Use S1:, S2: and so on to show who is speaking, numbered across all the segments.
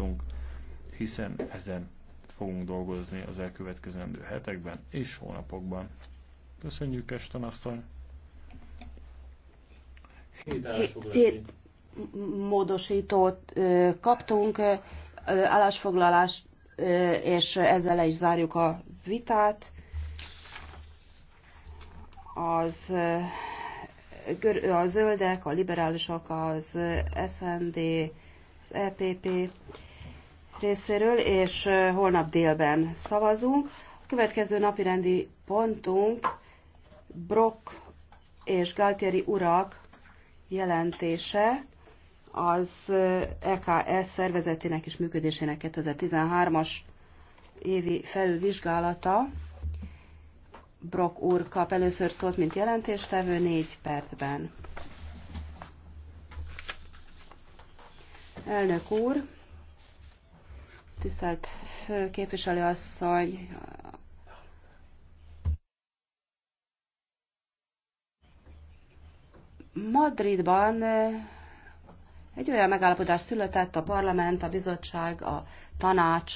S1: tartunk, hiszen ezen fogunk dolgozni az elkövetkezendő hetekben és hónapokban. Köszönjük, Eston asszony! Hét
S2: módosítót kaptunk, állásfoglalást, és ezzel le is zárjuk a vitát. Az a zöldek, a liberálisok, az SND, az EPP, részéről, és holnap délben szavazunk. A következő napi rendi pontunk Brock és Galtieri urak jelentése az EKS szervezetének és működésének 2013-as évi felülvizsgálata. Brock úr kap először szót, mint jelentéstevő, négy percben. Elnök úr, Tisztelt asszony, Madridban eh, egy olyan megállapodás született a parlament, a bizottság, a tanács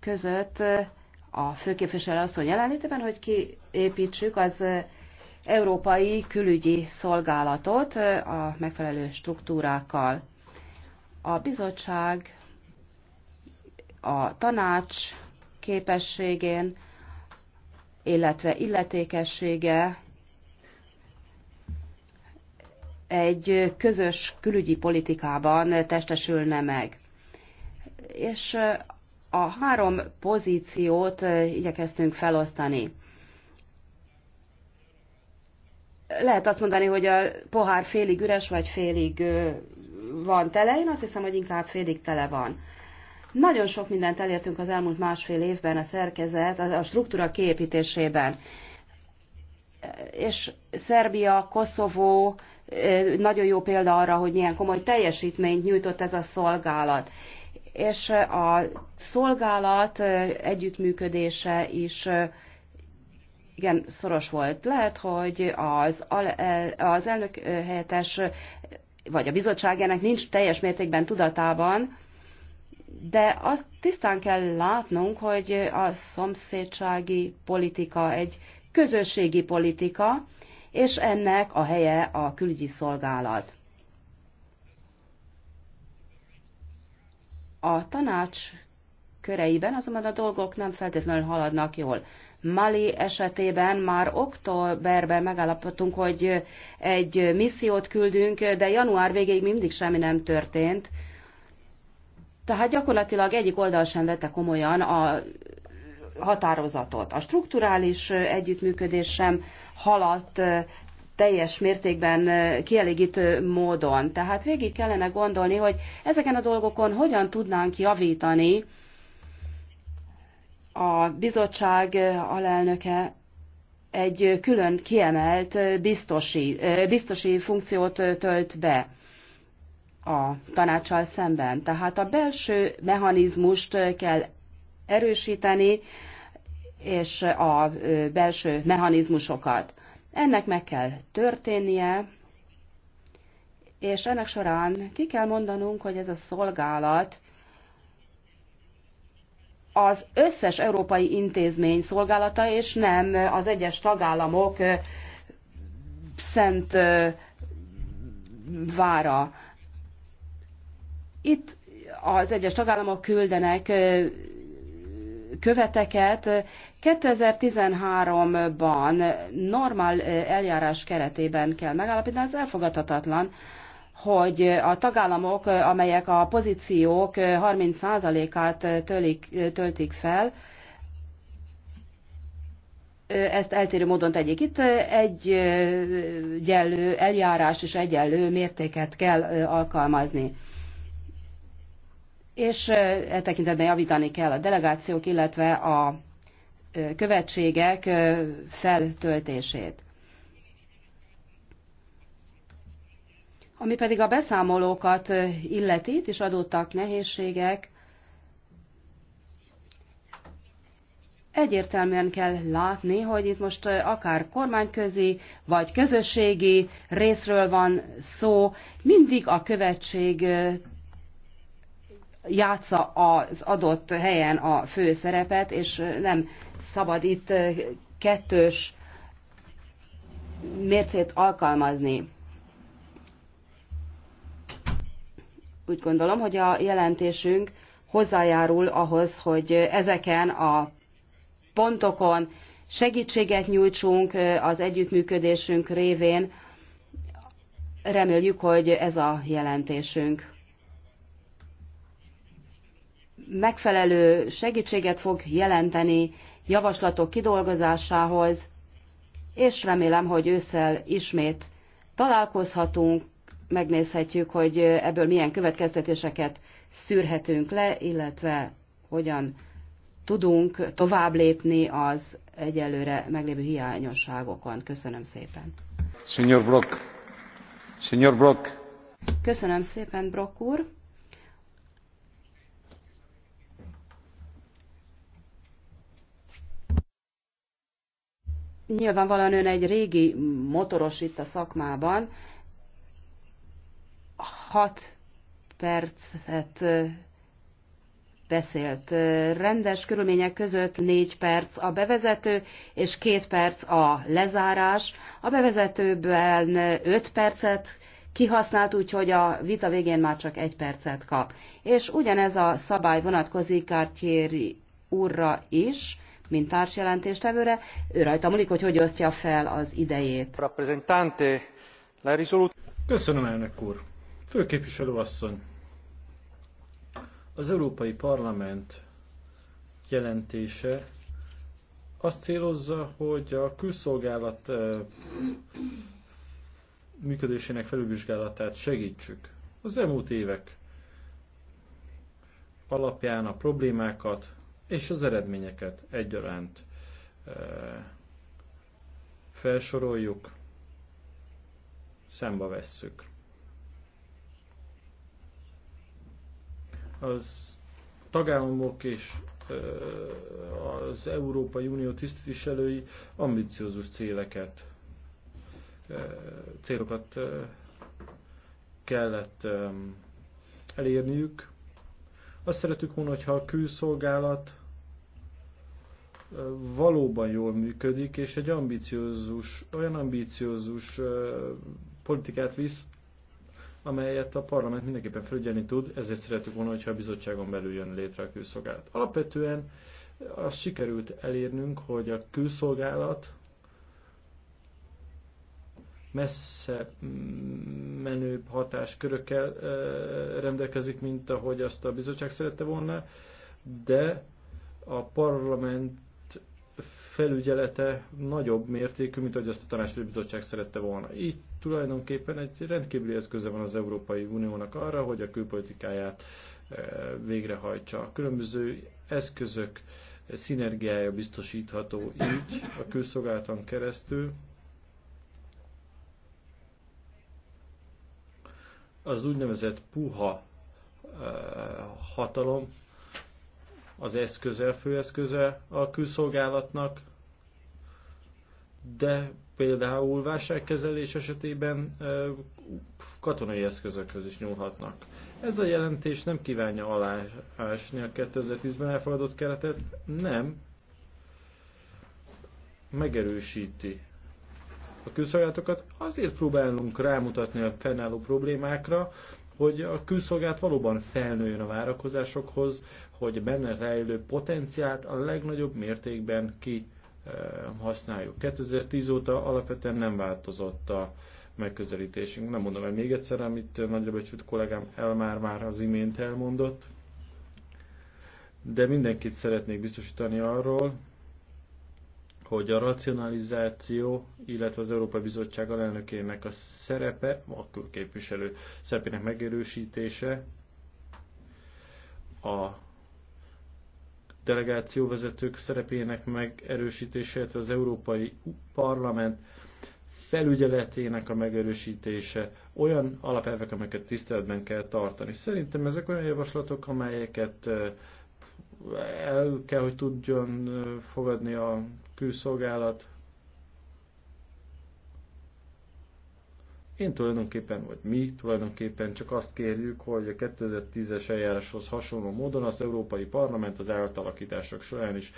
S2: között eh, a főképviselő asszony jelenlétében, hogy kiépítsük az eh, európai külügyi szolgálatot a megfelelő struktúrákkal. A bizottság a tanács képességén, illetve illetékessége egy közös külügyi politikában testesülne meg. És eh, a három pozíciót eh, igyekeztünk felosztani. Lehet azt mondani, hogy a pohár félig üres, vagy félig eh, van tele. Én azt hiszem, hogy inkább félig tele van. Nagyon sok mindent elértünk az elmúlt másfél évben a szerkezet, a struktúra kiépítésében. És Szerbia, Koszovó nagyon jó példa arra, hogy milyen komoly teljesítményt nyújtott ez a szolgálat. És a szolgálat együttműködése is igen, szoros volt. Lehet, hogy az, az elnök helyettes vagy a bizottságjának nincs teljes mértékben tudatában, de azt tisztán kell látnunk, hogy a szomszédsági politika egy közösségi politika, és ennek a helye a külügyi szolgálat. A tanács köreiben azonban a dolgok nem feltétlenül haladnak jól. Mali esetében már októberben megállapodtunk, hogy egy missziót küldünk, de január végéig mindig semmi nem történt. Tehát gyakorlatilag egyik oldal sem vette komolyan a határozatot. A strukturális együttműködés sem haladt teljes mértékben kielégítő módon. Tehát végig kellene gondolni, hogy ezeken a dolgokon hogyan tudnánk javítani. A bizottság alelnöke egy külön kiemelt biztosi, biztosi funkciót tölt be a tanácsal szemben. Tehát a belső mechanizmust kell erősíteni, és a belső mechanizmusokat. Ennek meg kell történnie, és ennek során ki kell mondanunk, hogy ez a szolgálat az összes európai intézmény szolgálata, és nem az egyes tagállamok szent vára. Itt az egyes tagállamok küldenek követeket. 2013-ban normál eljárás keretében kell megállapítani, az elfogadhatatlan, hogy a tagállamok, amelyek a pozíciók 30%-át töltik fel, ezt eltérő módon tegyék. Itt egy egyenlő eljárás és egyenlő mértéket kell alkalmazni és e tekintetben javítani kell a delegációk, illetve a követségek feltöltését. Ami pedig a beszámolókat illeti, itt is adottak nehézségek, egyértelműen kell látni, hogy itt most akár kormányközi vagy közösségi részről van szó, mindig a követség játsza az adott helyen a főszerepet, és nem szabad itt kettős mércét alkalmazni. Úgy gondolom, hogy a jelentésünk hozzájárul ahhoz, hogy ezeken a pontokon segítséget nyújtsunk az együttműködésünk révén. Reméljük, hogy ez a jelentésünk megfelelő segítséget fog jelenteni javaslatok kidolgozásához, és remélem, hogy ősszel ismét találkozhatunk, megnézhetjük, hogy ebből milyen következtetéseket szűrhetünk le, illetve hogyan tudunk tovább lépni az egyelőre meglévő hiányosságokon. Köszönöm szépen.
S3: Señor Brock. Señor Brock.
S2: Köszönöm szépen, Brock úr. Nyilvánvalóan ön egy régi motoros itt a szakmában. Hat percet beszélt. Rendes körülmények között négy perc a bevezető, és két perc a lezárás. A bevezetőben öt percet kihasznált, úgyhogy a vita végén már csak egy percet kap. És ugyanez a szabály vonatkozik Kártyéri úrra is, mint társjelentéstevőre. Ő rajta múlik, hogy hogy osztja fel az idejét.
S1: Köszönöm, elnök úr. Főképviselő asszony. Az Európai Parlament jelentése azt célozza, hogy a külszolgálat működésének felülvizsgálatát segítsük. Az elmúlt évek alapján a problémákat, és az eredményeket egyaránt e, felsoroljuk, szembe vesszük. Az tagállamok és e, az Európai Unió tisztviselői ambiciózus céleket, e, célokat kellett elérniük. Azt szeretük volna, hogyha a külszolgálat valóban jól működik, és egy ambiciózus, olyan ambiciózus politikát visz, amelyet a parlament mindenképpen felügyelni tud, ezért szeretük volna, hogyha a bizottságon belül jön létre a külszolgálat. Alapvetően azt sikerült elérnünk, hogy a külszolgálat messze mm, menőbb hatáskörökkel rendelkezik, mint ahogy azt a bizottság szerette volna, de a parlament felügyelete nagyobb mértékű, mint ahogy azt a tanácsadó bizottság szerette volna. Így tulajdonképpen egy rendkívüli eszköze van az Európai Uniónak arra, hogy a külpolitikáját eh, végrehajtsa. Különböző eszközök eh, szinergiája biztosítható így a külszolgálaton keresztül. Az úgynevezett puha eh, hatalom az eszköze, főeszköze a külszolgálatnak, de például válságkezelés esetében katonai eszközökhöz is nyúlhatnak. Ez a jelentés nem kívánja alásni a 2010-ben elfogadott keretet, nem megerősíti a külszolgálatokat. Azért próbálunk rámutatni a fennálló problémákra, hogy a külszolgált valóban felnőjön a várakozásokhoz, hogy benne rejlő potenciált a legnagyobb mértékben ki eh, használjuk. 2010 óta alapvetően nem változott a megközelítésünk. Nem mondom el még egyszer, amit nagyra becsült kollégám Elmár már az imént elmondott, de mindenkit szeretnék biztosítani arról, hogy a racionalizáció, illetve az Európai Bizottság alelnökének a szerepe, a képviselő szerepének megerősítése, a delegációvezetők szerepének megerősítése, illetve az Európai Parlament felügyeletének a megerősítése, olyan alapelvek, amelyeket tiszteletben kell tartani. Szerintem ezek olyan javaslatok, amelyeket eh, el kell, hogy tudjon eh, fogadni a külszolgálat. Én tulajdonképpen, vagy mi tulajdonképpen csak azt kérjük, hogy a 2010-es eljáráshoz hasonló módon az Európai Parlament az átalakítások során is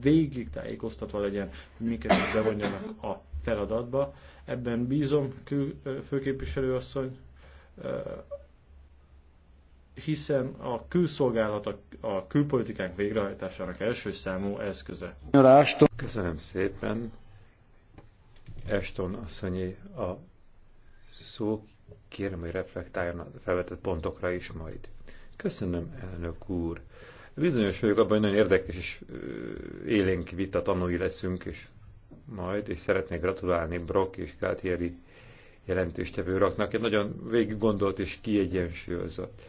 S1: végig tájékoztatva legyen, hogy is bevonjanak a feladatba. Ebben bízom, főképviselőasszony, hiszen a külszolgálat a, a külpolitikánk végrehajtásának első számú eszköze.
S3: Köszönöm szépen. Eston asszonyi a szó, kérem, hogy reflektáljon a felvetett pontokra is majd. Köszönöm, elnök úr. Bizonyos vagyok abban, hogy nagyon érdekes és élénk vita tanulni leszünk, és majd, és szeretnék gratulálni Brock és Galtieri raknak. Egy nagyon végig gondolt és kiegyensúlyozott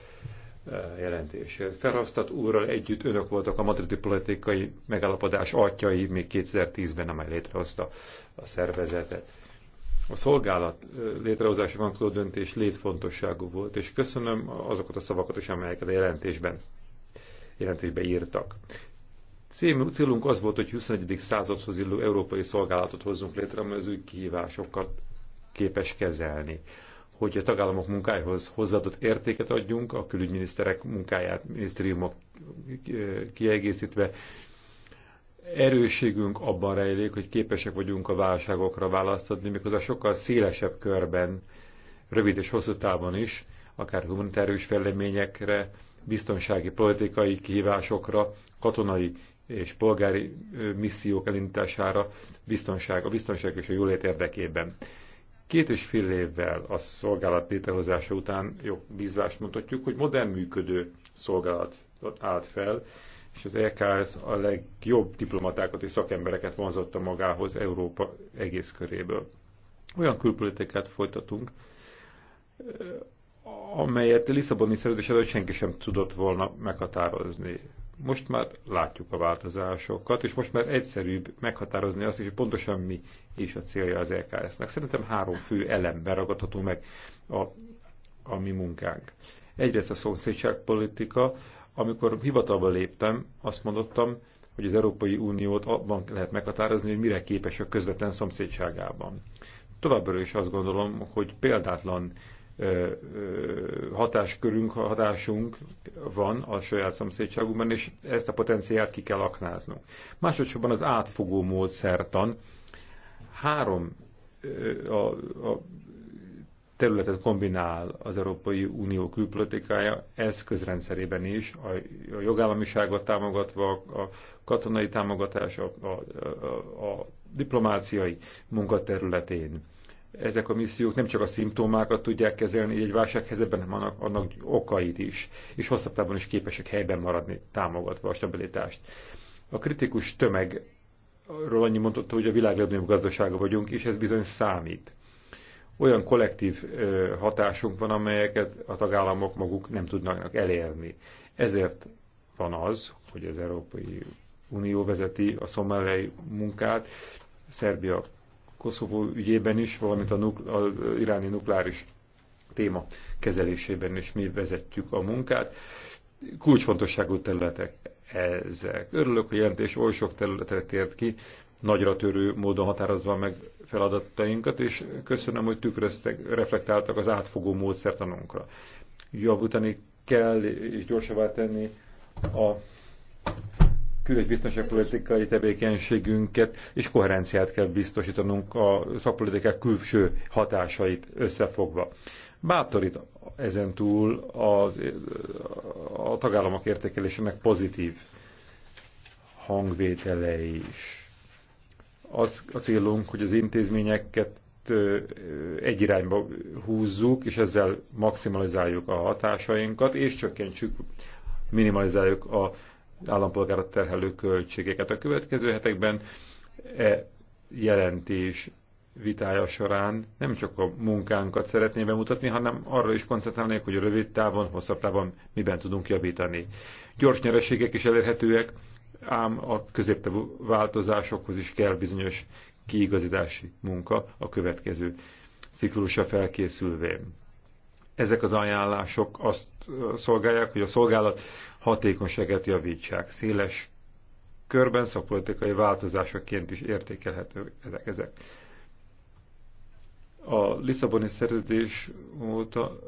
S3: jelentését. Ferhasztat úrral együtt önök voltak a madridi politikai megállapodás atyai, még 2010-ben, amely létrehozta a szervezetet. A szolgálat létrehozása vonatkozó döntés létfontosságú volt, és köszönöm azokat a szavakat is, amelyeket a jelentésben, jelentésben írtak. Célunk az volt, hogy 21. századhoz illő európai szolgálatot hozzunk létre, amely az új kihívásokat képes kezelni hogy a tagállamok munkájához hozzáadott értéket adjunk, a külügyminiszterek munkáját minisztériumok kiegészítve. Erőségünk abban rejlik, hogy képesek vagyunk a válságokra választ adni, méghozzá sokkal szélesebb körben, rövid és hosszú távon is, akár humanitárius fejleményekre, biztonsági, politikai kihívásokra, katonai és polgári missziók elindítására, biztonság, a biztonság és a jólét érdekében. Két és fél évvel a szolgálat létrehozása után jó jogbízást mutatjuk, hogy modern működő szolgálat állt fel, és az EKS a legjobb diplomatákat és szakembereket vonzotta magához Európa egész köréből. Olyan külpolitikát folytatunk, amelyet Lisszaboni szerződés előtt senki sem tudott volna meghatározni. Most már látjuk a változásokat, és most már egyszerűbb meghatározni azt is, hogy pontosan mi is a célja az LKS-nek. Szerintem három fő elemben ragadható meg a, a mi munkánk. Egyrészt a szomszédságpolitika. Amikor hivatalba léptem, azt mondottam, hogy az Európai Uniót abban lehet meghatározni, hogy mire képes a közvetlen szomszédságában. Továbbra is azt gondolom, hogy példátlan ö, ö, hatáskörünk, hatásunk van a saját szomszédságunkban, és ezt a potenciált ki kell aknáznunk. Másodszorban az átfogó módszertan három a, a területet kombinál az Európai Unió külpolitikája eszközrendszerében is, a, a jogállamiságot támogatva, a katonai támogatás, a, a, a, a diplomáciai munkaterületén ezek a missziók nem csak a szimptomákat tudják kezelni egy válsághelyzetben, hanem annak, annak okait is, és hosszabb távon is képesek helyben maradni, támogatva a stabilitást. A kritikus tömegről annyi mondott, hogy a világ legnagyobb gazdasága vagyunk, és ez bizony számít. Olyan kollektív hatásunk van, amelyeket a tagállamok maguk nem tudnak elérni. Ezért van az, hogy az Európai Unió vezeti a szomáliai munkát, Szerbia Koszovó ügyében is, valamint a nuk, a iráni nukleáris téma kezelésében is mi vezetjük a munkát. Kulcsfontosságú területek ezek. Örülök, hogy jelentés oly sok területre tért ki, nagyra törő módon határozva meg feladatainkat, és köszönöm, hogy tükröztek, reflektáltak az átfogó módszertanunkra. Javutani kell és gyorsabbá tenni a kül- és biztonságpolitikai tevékenységünket és koherenciát kell biztosítanunk a szakpolitikák külső hatásait összefogva. Bátorít ezen túl a a tagállamok értékelésének pozitív hangvétele is. Az a célunk, hogy az intézményeket egy irányba húzzuk, és ezzel maximalizáljuk a hatásainkat, és csökkentsük, minimalizáljuk a állampolgárat terhelő költségeket. A következő hetekben e jelentés vitája során nem csak a munkánkat szeretném bemutatni, hanem arra is koncentrálnék, hogy a rövid távon, hosszabb távon miben tudunk javítani. Gyors nyereségek is elérhetőek, ám a középtávú változásokhoz is kell bizonyos kiigazítási munka a következő ciklusra felkészülvén. Ezek az ajánlások azt szolgálják, hogy a szolgálat hatékonyságet javítsák. Széles körben szakpolitikai változásokként is értékelhetőek ezek. A Lisszaboni szerződés óta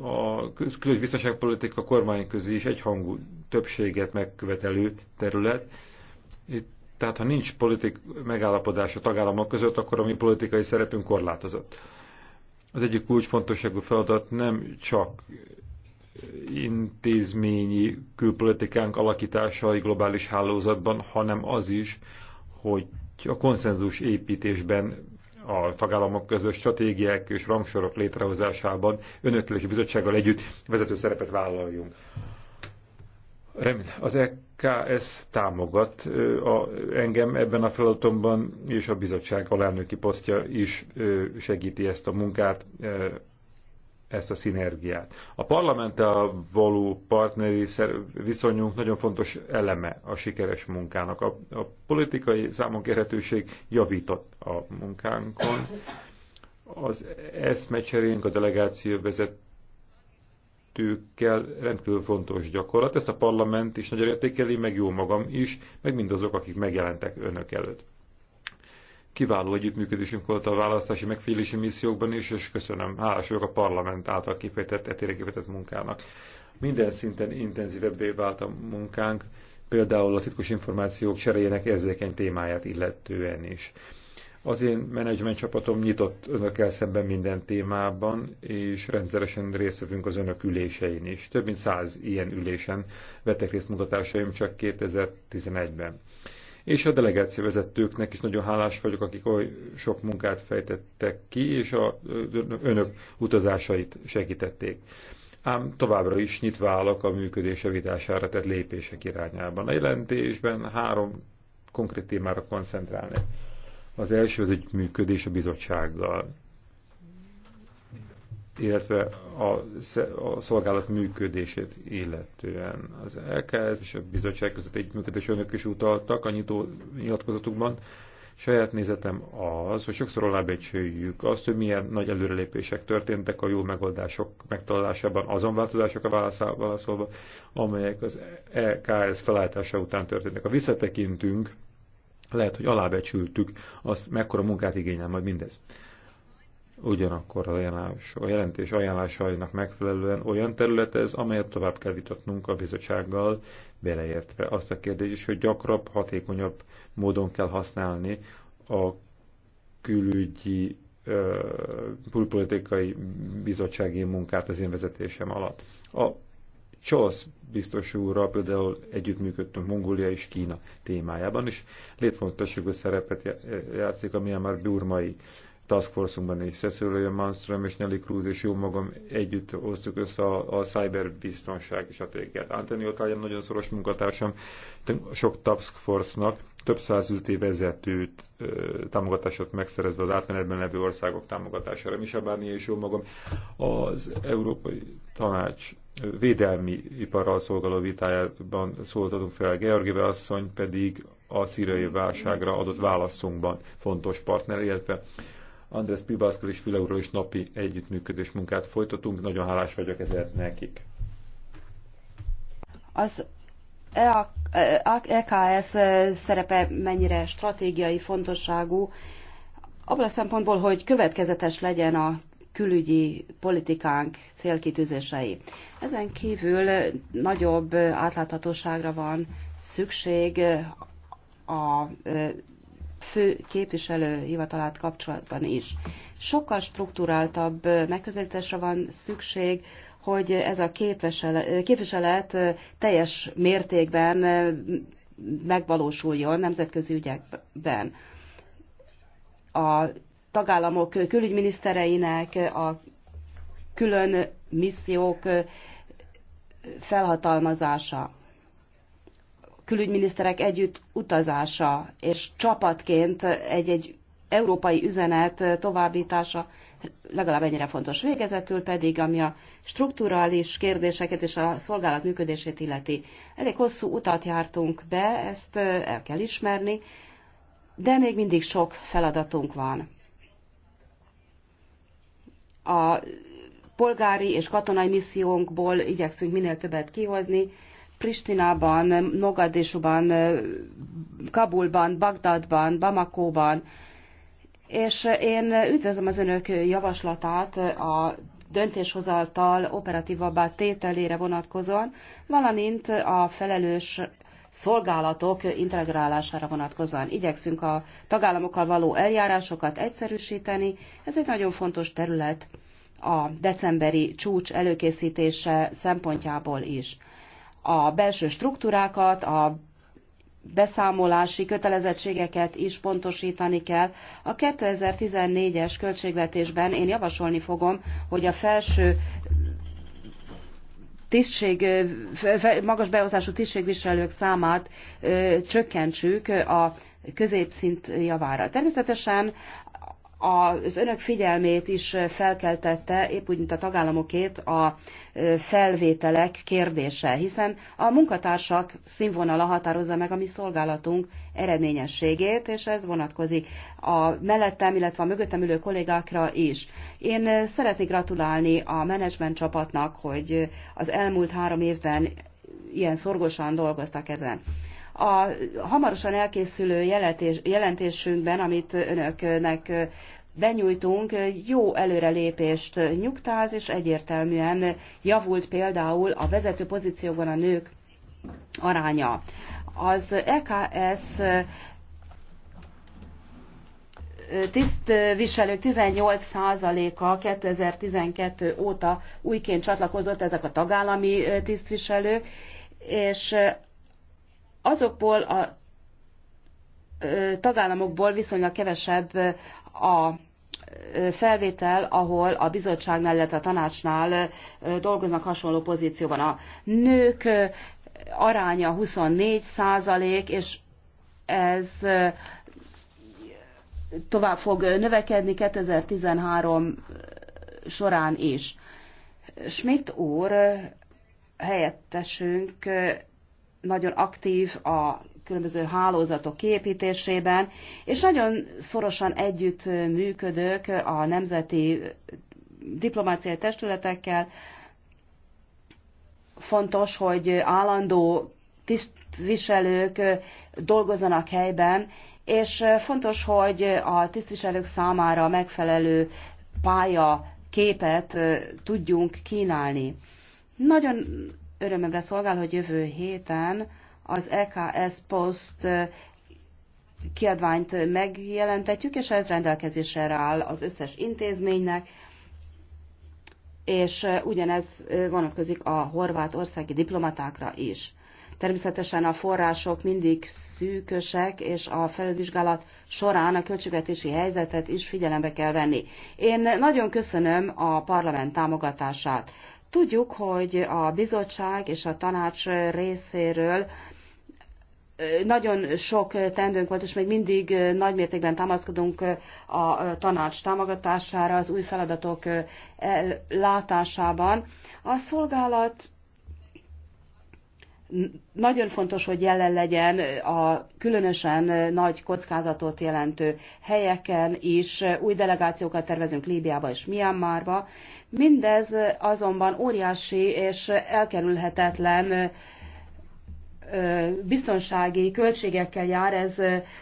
S3: a külös biztonságpolitika közé is egyhangú többséget megkövetelő terület. Itt, tehát ha nincs politik megállapodás a tagállamok között, akkor a mi politikai szerepünk korlátozott. Az egyik kulcsfontosságú feladat nem csak intézményi külpolitikánk alakításai globális hálózatban, hanem az is, hogy a konszenzus építésben a tagállamok közös stratégiák és rangsorok létrehozásában önökkel és a bizottsággal együtt vezető szerepet vállaljunk. Az EKS támogat a, engem ebben a feladatomban, és a bizottság alelnöki posztja is segíti ezt a munkát ezt a szinergiát. A parlamenttel való partneri viszonyunk nagyon fontos eleme a sikeres munkának. A, a politikai érhetőség javított a munkánkon. Az eszmecserénk a delegáció vezetőkkel rendkívül fontos gyakorlat. Ezt a parlament is nagyon értékeli, meg jó magam is, meg mindazok, akik megjelentek önök előtt kiváló együttműködésünk volt a választási megfigyelési missziókban is, és köszönöm, hálás vagyok a parlament által kifejtett, etére kifejtett munkának. Minden szinten intenzívebbé vált a munkánk, például a titkos információk cseréjének érzékeny témáját illetően is. Az én menedzsment csapatom nyitott önökkel szemben minden témában, és rendszeresen részvevünk az önök ülésein is. Több mint száz ilyen ülésen vettek részt munkatársaim csak 2011-ben és a delegáció vezetőknek is nagyon hálás vagyok, akik oly sok munkát fejtettek ki, és a önök utazásait segítették. Ám továbbra is nyitva állok a működés javítására tett lépések irányában. A jelentésben három konkrét témára koncentrálni. Az első az egy működés a bizottsággal illetve a, a szolgálat működését illetően. Az LKS és a bizottság között együttműködés önök is utaltak a nyitó nyilatkozatukban. Saját nézetem az, hogy sokszor alábecsüljük azt, hogy milyen nagy előrelépések történtek a jó megoldások megtalálásában, azon változások a válaszolva, amelyek az EKS felállítása után történtek. Ha visszatekintünk, lehet, hogy alábecsültük azt, mekkora munkát igényel majd mindez. Ugyanakkor ajánlás, a jelentés ajánlásainak megfelelően olyan terület ez, amelyet tovább kell vitatnunk a bizottsággal, beleértve azt a kérdést is, hogy gyakrabb, hatékonyabb módon kell használni a külügyi külpolitikai bizottsági munkát az én vezetésem alatt. A Csosz biztos úrral például együttműködtünk Mongólia és Kína témájában, és létfontosságú szerepet játszik a Myanmar burmai Task Force-unkban is Cecilia Manström és Nelly Cruz és jó magam együtt hoztuk össze a, a a téged. Antonio Kályan nagyon szoros munkatársam, sok Task Force-nak több száz üzleti vezetőt támogatásot megszerezve az átmenetben levő országok támogatására. Misa Bárnyi és jó magam az Európai Tanács védelmi iparral szolgáló vitájában szóltatunk fel. Georgieve asszony pedig a szíriai válságra adott válaszunkban fontos partner, illetve Andres Pibászkal és Füleúrral is napi együttműködés munkát folytatunk. Nagyon hálás vagyok ezért nekik.
S2: Az EKS e e szerepe mennyire stratégiai fontosságú, abban a szempontból, hogy következetes legyen a külügyi politikánk célkitűzései. Ezen kívül nagyobb átláthatóságra van szükség a fő képviselő hivatalát kapcsolatban is. Sokkal struktúráltabb megközelítésre van szükség, hogy ez a képviselet teljes mértékben megvalósuljon nemzetközi ügyekben. A tagállamok külügyminisztereinek a külön missziók felhatalmazása külügyminiszterek együtt utazása és csapatként egy-egy európai üzenet továbbítása legalább ennyire fontos. Végezetül pedig, ami a strukturális kérdéseket és a szolgálat működését illeti. Elég hosszú utat jártunk be, ezt el kell ismerni, de még mindig sok feladatunk van. A polgári és katonai missziónkból igyekszünk minél többet kihozni, Pristinában, Mogadisúban, Kabulban, Bagdadban, Bamakóban, és én üdvözlöm az önök javaslatát a döntéshozaltal operatívabbá tételére vonatkozóan, valamint a felelős szolgálatok integrálására vonatkozóan. Igyekszünk a tagállamokkal való eljárásokat egyszerűsíteni. Ez egy nagyon fontos terület a decemberi csúcs előkészítése szempontjából is a belső struktúrákat, a beszámolási kötelezettségeket is pontosítani kell. A 2014-es költségvetésben én javasolni fogom, hogy a felső tisztség, magas beosztású tisztségviselők számát csökkentsük a középszint javára. Természetesen az önök figyelmét is felkeltette, épp úgy, mint a tagállamokét, a felvételek kérdése, hiszen a munkatársak színvonala határozza meg a mi szolgálatunk eredményességét, és ez vonatkozik a mellettem, illetve a mögöttem ülő kollégákra is. Én szeretnék gratulálni a menedzsment csapatnak, hogy az elmúlt három évben ilyen szorgosan dolgoztak ezen. A hamarosan elkészülő jelentésünkben, amit önöknek benyújtunk, jó előrelépést nyugtáz, és egyértelműen javult például a vezető pozíciókban a nők aránya. Az EKS tisztviselők 18%-a 2012 óta újként csatlakozott ezek a tagállami tisztviselők, és azokból a tagállamokból viszonylag kevesebb a felvétel, ahol a bizottságnál, illetve a tanácsnál dolgoznak hasonló pozícióban. A nők aránya 24 százalék, és ez tovább fog növekedni 2013 során is. Schmidt úr helyettesünk nagyon aktív a különböző hálózatok kiépítésében, és nagyon szorosan együtt működök a nemzeti diplomáciai testületekkel. Fontos, hogy állandó tisztviselők dolgozzanak helyben, és fontos, hogy a tisztviselők számára megfelelő pálya képet tudjunk kínálni. Nagyon örömömre szolgál, hogy jövő héten az EKS Post kiadványt megjelentetjük, és ez rendelkezésre áll az összes intézménynek, és ugyanez vonatkozik a horvátországi diplomatákra is. Természetesen a források mindig szűkösek, és a felvizsgálat során a költségvetési helyzetet is figyelembe kell venni. Én nagyon köszönöm a parlament támogatását. Tudjuk, hogy a bizottság és a tanács részéről nagyon sok tendőnk volt, és még mindig mértékben támaszkodunk a tanács támogatására, az új feladatok látásában. A szolgálat nagyon fontos, hogy jelen legyen a különösen nagy kockázatot jelentő helyeken is. Új delegációkat tervezünk Líbiába és Myanmarba. Mindez azonban óriási és elkerülhetetlen biztonsági költségekkel jár, ez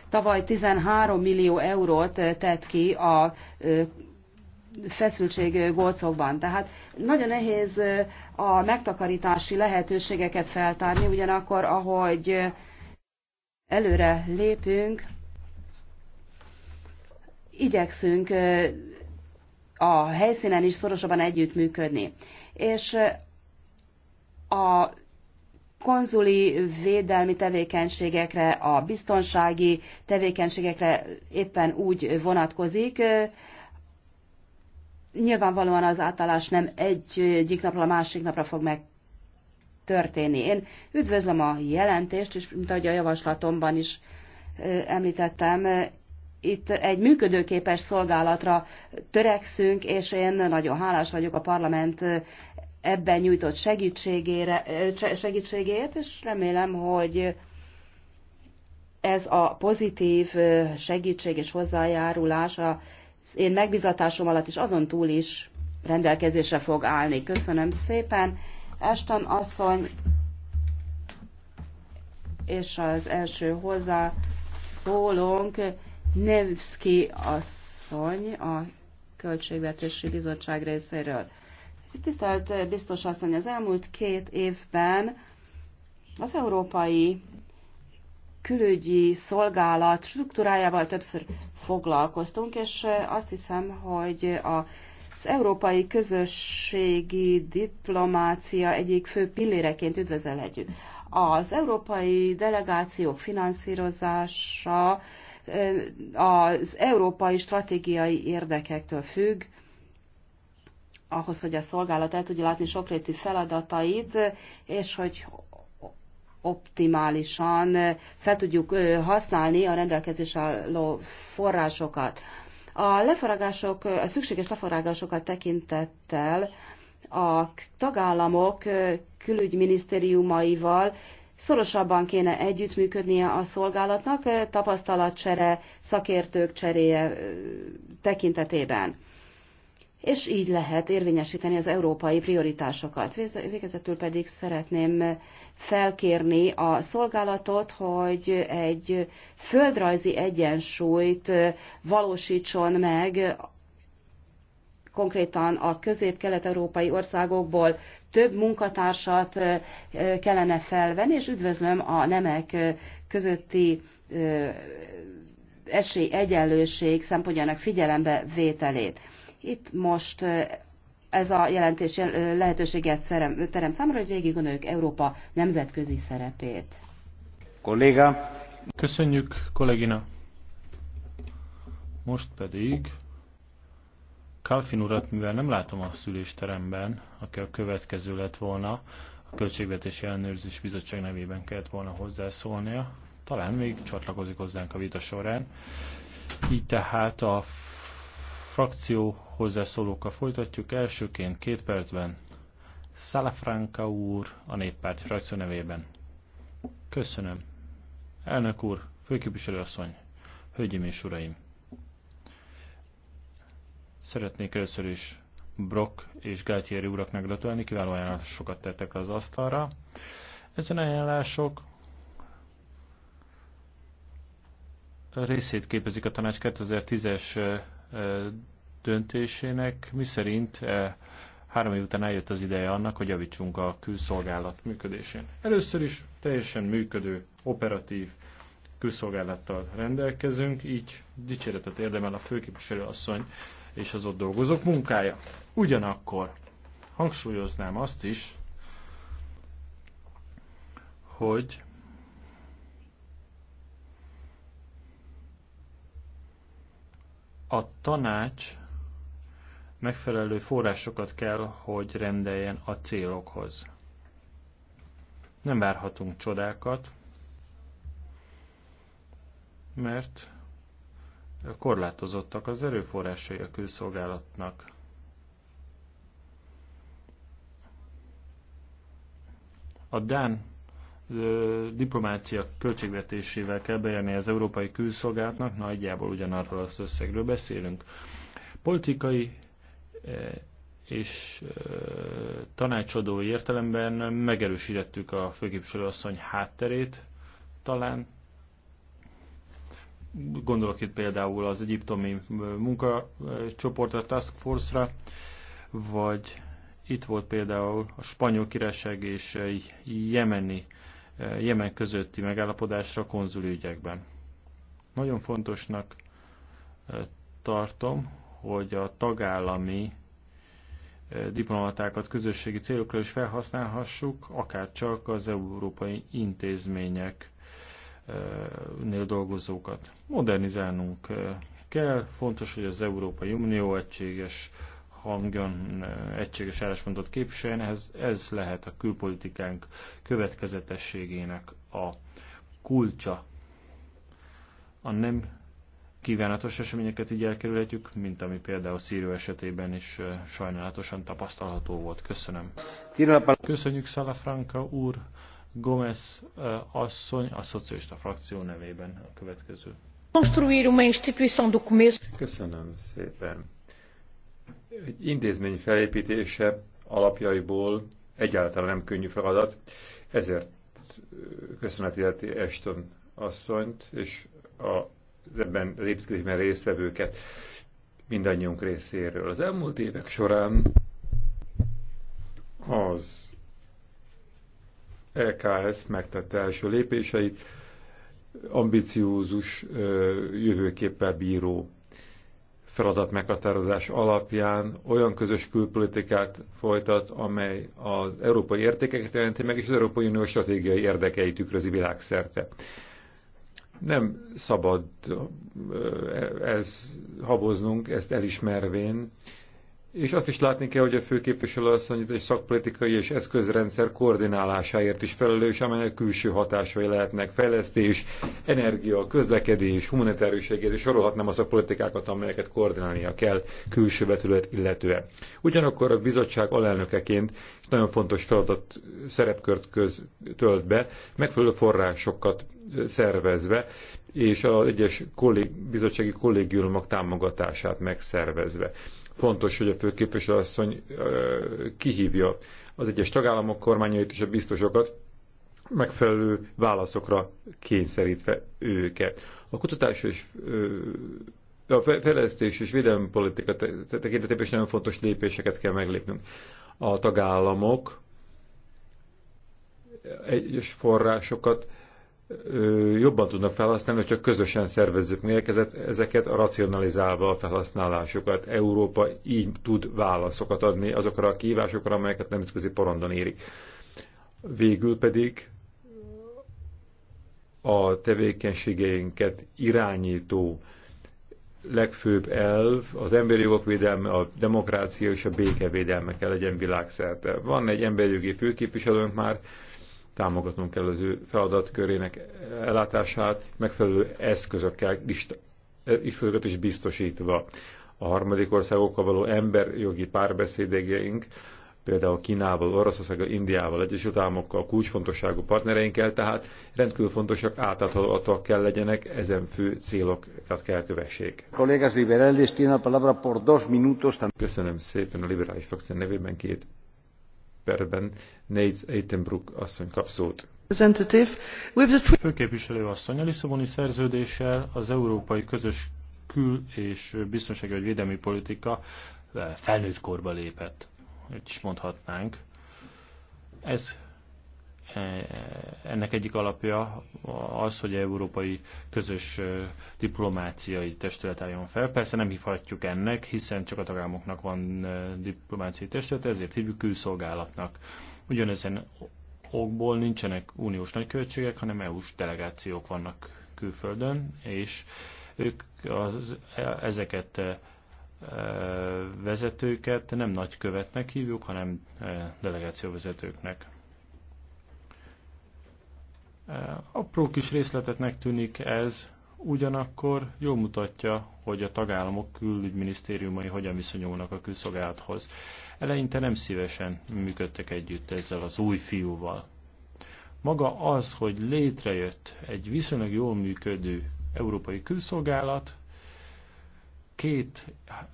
S2: tavaly 13 millió eurót tett ki a feszültség gócokban. Tehát nagyon nehéz a megtakarítási lehetőségeket feltárni, ugyanakkor ahogy előre lépünk, igyekszünk a helyszínen is szorosabban együttműködni. És a konzuli védelmi tevékenységekre, a biztonsági tevékenységekre éppen úgy vonatkozik. Nyilvánvalóan az átállás nem egy, egyik napra, a másik napra fog meg történni. Én üdvözlöm a jelentést, és mint ahogy a javaslatomban is említettem, itt egy működőképes szolgálatra törekszünk, és én nagyon hálás vagyok a parlament ebben nyújtott segítségére, segítségét, és remélem, hogy ez a pozitív segítség és hozzájárulás az én megbizatásom alatt is azon túl is rendelkezésre fog állni. Köszönöm szépen. Eston asszony és az első hozzá szólónk Nevski asszony a Költségvetési Bizottság részéről. Tisztelt biztos asszony, az elmúlt két évben az európai külügyi szolgálat struktúrájával többször foglalkoztunk, és azt hiszem, hogy a az európai közösségi diplomácia egyik fő pilléreként üdvözelhetjük. Az európai delegációk finanszírozása eh, az európai stratégiai érdekektől függ, ahhoz, hogy a szolgálat el tudja látni sokrétű feladatait, és hogy optimálisan fel tudjuk használni a rendelkezés álló forrásokat. A lefaragások, a szükséges lefarágásokat tekintettel a tagállamok külügyminisztériumaival szorosabban kéne együttműködnie a szolgálatnak tapasztalatcsere, szakértők cseréje tekintetében és így lehet érvényesíteni az európai prioritásokat. Végezetül pedig szeretném felkérni a szolgálatot, hogy egy földrajzi egyensúlyt valósítson meg konkrétan a közép-kelet-európai országokból több munkatársat kellene felvenni, és üdvözlöm a nemek közötti esély egyenlőség szempontjának figyelembe vételét. Itt most ez a jelentés lehetőséget terem számra, hogy végig gondoljuk Európa nemzetközi szerepét.
S1: Kolléga. Köszönjük, kollégina. Most pedig Kalfin urat, mivel nem látom a szülésteremben, aki a következő lett volna, a Költségvetési Ellenőrzés Bizottság nevében kellett volna hozzászólnia, talán még csatlakozik hozzánk a vita során. Így tehát a frakció hozzászólókkal folytatjuk. Elsőként két percben Salafranca úr a néppárt frakció nevében. Köszönöm. Elnök úr, főképviselőasszony, hölgyeim és uraim. Szeretnék először is Brock és Gátyéri uraknak gratulálni, kiváló ajánlásokat tettek az asztalra. Ezen ajánlások részét képezik a tanács 2010-es döntésének, miszerint három év után eljött az ideje annak, hogy javítsunk a külszolgálat működésén. Először is teljesen működő, operatív külszolgálattal rendelkezünk, így dicséretet érdemel a főképviselő asszony és az ott dolgozók munkája. Ugyanakkor hangsúlyoznám azt is, hogy A tanács megfelelő forrásokat kell, hogy rendeljen a célokhoz. Nem várhatunk csodákat, mert korlátozottak az erőforrásai a külszolgálatnak. A Dán diplomácia költségvetésével kell bejárni az európai külszolgálatnak, nagyjából ugyanarról az összegről beszélünk. Politikai és tanácsadó értelemben megerősítettük a főképviselőasszony hátterét, talán gondolok itt például az egyiptomi munkacsoportra, Task Force-ra, vagy itt volt például a spanyol királyság és jemeni Jemen közötti megállapodásra ügyekben. Nagyon fontosnak tartom, hogy a tagállami diplomatákat közösségi célokra is felhasználhassuk, akár csak az európai intézmények nél dolgozókat. Modernizálnunk kell, fontos, hogy az Európai Unió egységes hangon egységes álláspontot képviseljen, ez, ez lehet a külpolitikánk következetességének a kulcsa. A nem kívánatos eseményeket így elkerülhetjük, mint ami például Szírió esetében is sajnálatosan tapasztalható volt. Köszönöm. Köszönjük Salafranca úr, Gomez asszony a szocialista frakció nevében a következő.
S3: Köszönöm szépen egy intézmény felépítése alapjaiból egyáltalán nem könnyű feladat, ezért köszönet illeti Eston asszonyt és a ebben lépkedésben részvevőket mindannyiunk részéről. Az elmúlt évek során az LKS megtette első lépéseit, ambiciózus jövőképpel bíró feladat meghatározás alapján olyan közös külpolitikát folytat, amely az európai értékeket jelenti meg, és az Európai Unió stratégiai érdekei tükrözi világszerte. Nem szabad ez haboznunk, ezt elismervén, és azt is látni kell, hogy a főképviselő asszony egy szakpolitikai és eszközrendszer koordinálásáért is felelős, amelynek külső hatásai lehetnek fejlesztés, energia, közlekedés, humanitárius segélyezés, sorolhatnám a szakpolitikákat, amelyeket koordinálnia kell külső vetület illetően. Ugyanakkor a bizottság alelnökeként nagyon fontos feladat szerepkört köz, tölt be, megfelelő forrásokat szervezve, és az egyes kollég, bizottsági kollégiumok támogatását megszervezve. Fontos, hogy a asszony kihívja az egyes tagállamok kormányait és a biztosokat, megfelelő válaszokra kényszerítve őket. A kutatás és a fejlesztés és védelmi politika tekintetében is nagyon fontos lépéseket kell meglépnünk. A tagállamok egyes forrásokat jobban tudnak felhasználni, hogyha közösen szervezzük ezeket, racionalizálva a felhasználásukat. Európa így tud válaszokat adni azokra a kívásokra, amelyeket nemzetközi porondon érik. Végül pedig a tevékenységeinket irányító legfőbb elv az emberi jogok védelme, a demokrácia és a béke védelme kell legyen világszerte. Van egy emberi jogi főképviselőnk már, támogatnunk kell az ő feladatkörének ellátását, megfelelő eszközökkel is, eh, eszközöket is biztosítva. A harmadik országokkal való emberjogi párbeszédeink, például Kínával, Oroszországgal, Indiával, Egyesült Államokkal, kulcsfontosságú partnereinkkel, tehát rendkívül fontosak, átadhatóak kell legyenek, ezen fő célokat kell kövessék. Köszönöm szépen a liberális frakció nevében két perben Neitz Eitenbrook asszony kap szót.
S1: Főképviselő asszony, a Lisszaboni szerződéssel az európai közös kül- és biztonsági vagy védelmi politika eh, felnőtt korba lépett. Így is mondhatnánk. Ez ennek egyik alapja az, hogy európai közös diplomáciai testület álljon fel. Persze nem hívhatjuk ennek, hiszen csak a tagállamoknak van diplomáciai testület, ezért hívjuk külszolgálatnak. Ugyanezen okból nincsenek uniós nagyköltségek, hanem EU-s delegációk vannak külföldön, és ők az, ezeket vezetőket nem nagykövetnek hívjuk, hanem delegációvezetőknek. Apró kis részletetnek tűnik ez, ugyanakkor jól mutatja, hogy a tagállamok külügyminisztériumai hogyan viszonyulnak a külszolgálathoz. Eleinte nem szívesen működtek együtt ezzel az új fiúval. Maga az, hogy létrejött egy viszonylag jól működő európai külszolgálat, két,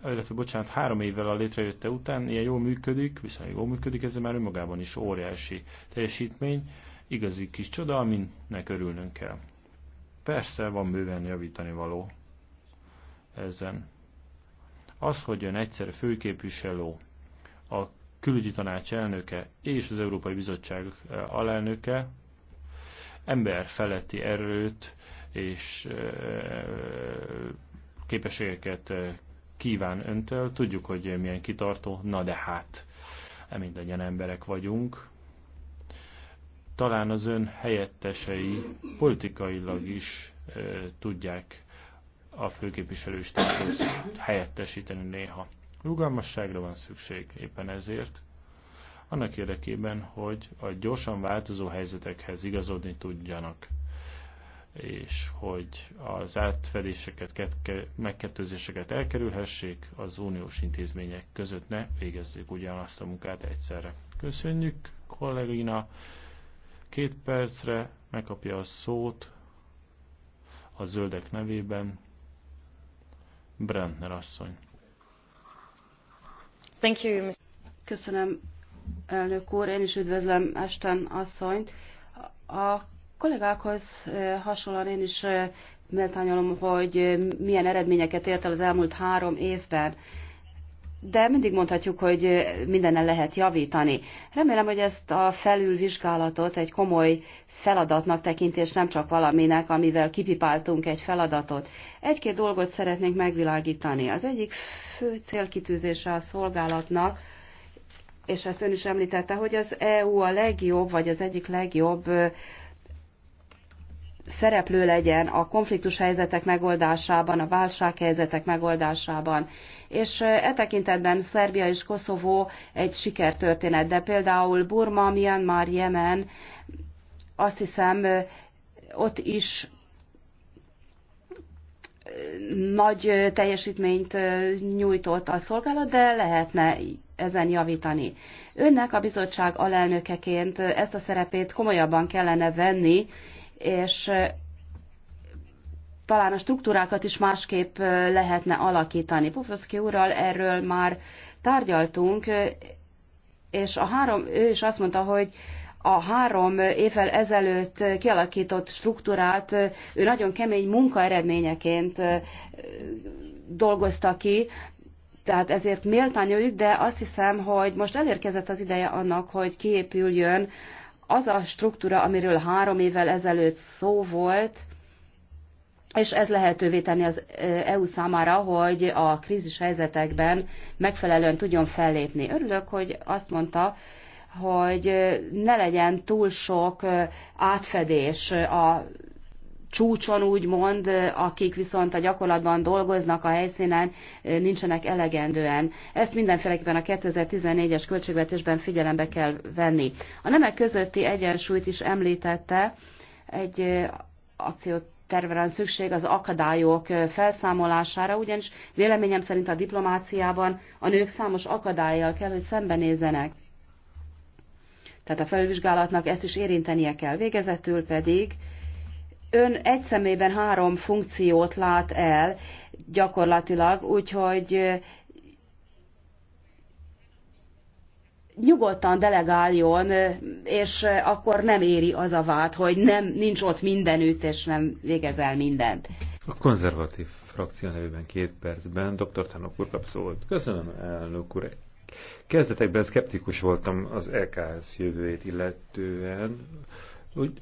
S1: illetve bocsánat, három évvel a létrejötte után ilyen jól működik, viszonylag jól működik, ez már önmagában is óriási teljesítmény Igazi kis csoda, aminek örülnünk kell. Persze van bőven javítani való ezen. Az, hogy ön egyszer főképviselő, a külügyi tanács elnöke és az Európai Bizottság eh, alelnöke ember feletti erőt és eh, képességeket eh, kíván öntől. Tudjuk, hogy milyen kitartó, na de hát legyen e emberek vagyunk, talán az ön helyettesei politikailag is e, tudják a főképviselő státuszt helyettesíteni néha. Rugalmasságra van szükség éppen ezért, annak érdekében, hogy a gyorsan változó helyzetekhez igazodni tudjanak és hogy az átfedéseket, megkettőzéseket elkerülhessék, az uniós intézmények között ne végezzék ugyanazt a munkát egyszerre. Köszönjük, kollégina! Két percre megkapja a szót a zöldek nevében Brentner asszony.
S2: Thank you. Köszönöm, elnök úr. Én is üdvözlöm Esten asszonyt. A kollégákhoz eh, hasonlóan én is eh, méltányolom, hogy eh, milyen eredményeket ért el az elmúlt három évben de mindig mondhatjuk, hogy mindenen lehet javítani. Remélem, hogy ezt a felülvizsgálatot egy komoly feladatnak tekintés, nem csak valaminek, amivel kipipáltunk egy feladatot. Egy-két dolgot szeretnénk megvilágítani. Az egyik fő célkitűzése a szolgálatnak, és ezt ön is említette, hogy az EU a legjobb, vagy az egyik legjobb szereplő legyen a konfliktus helyzetek megoldásában, a válsághelyzetek megoldásában. És e tekintetben Szerbia és Koszovó egy sikertörténet, de például Burma, Myanmar, Jemen, azt hiszem ott is nagy teljesítményt nyújtott a szolgálat, de lehetne ezen javítani. Önnek a bizottság alelnökeként ezt a szerepét komolyabban kellene venni, és talán a struktúrákat is másképp lehetne alakítani. Pufoszki úrral erről már tárgyaltunk, és a három, ő is azt mondta, hogy a három évvel ezelőtt kialakított struktúrát ő nagyon kemény munka eredményeként dolgozta ki, tehát ezért méltányoljuk, de azt hiszem, hogy most elérkezett az ideje annak, hogy kiépüljön az a struktúra, amiről három évvel ezelőtt szó volt, és ez lehetővé tenni az EU számára, hogy a krízis helyzetekben megfelelően tudjon fellépni. Örülök, hogy azt mondta, hogy ne legyen túl sok átfedés a csúcson mond, akik viszont a gyakorlatban dolgoznak a helyszínen, nincsenek elegendően. Ezt mindenféleképpen a 2014-es költségvetésben figyelembe kell venni. A nemek közötti egyensúlyt is említette, egy akciót tervre van szükség az akadályok felszámolására, ugyanis véleményem szerint a diplomáciában a nők számos akadályjal kell, hogy szembenézzenek. Tehát a felvizsgálatnak ezt is érintenie kell. Végezetül pedig ön egy szemében három funkciót lát el gyakorlatilag, úgyhogy nyugodtan delegáljon, és akkor nem éri az a vád, hogy nem, nincs ott mindenütt, és nem végez el mindent.
S3: A konzervatív frakció nevében két percben dr. Tánok úr kap szólt. Köszönöm, elnök úr. Kezdetekben szkeptikus voltam az EKS jövőjét illetően,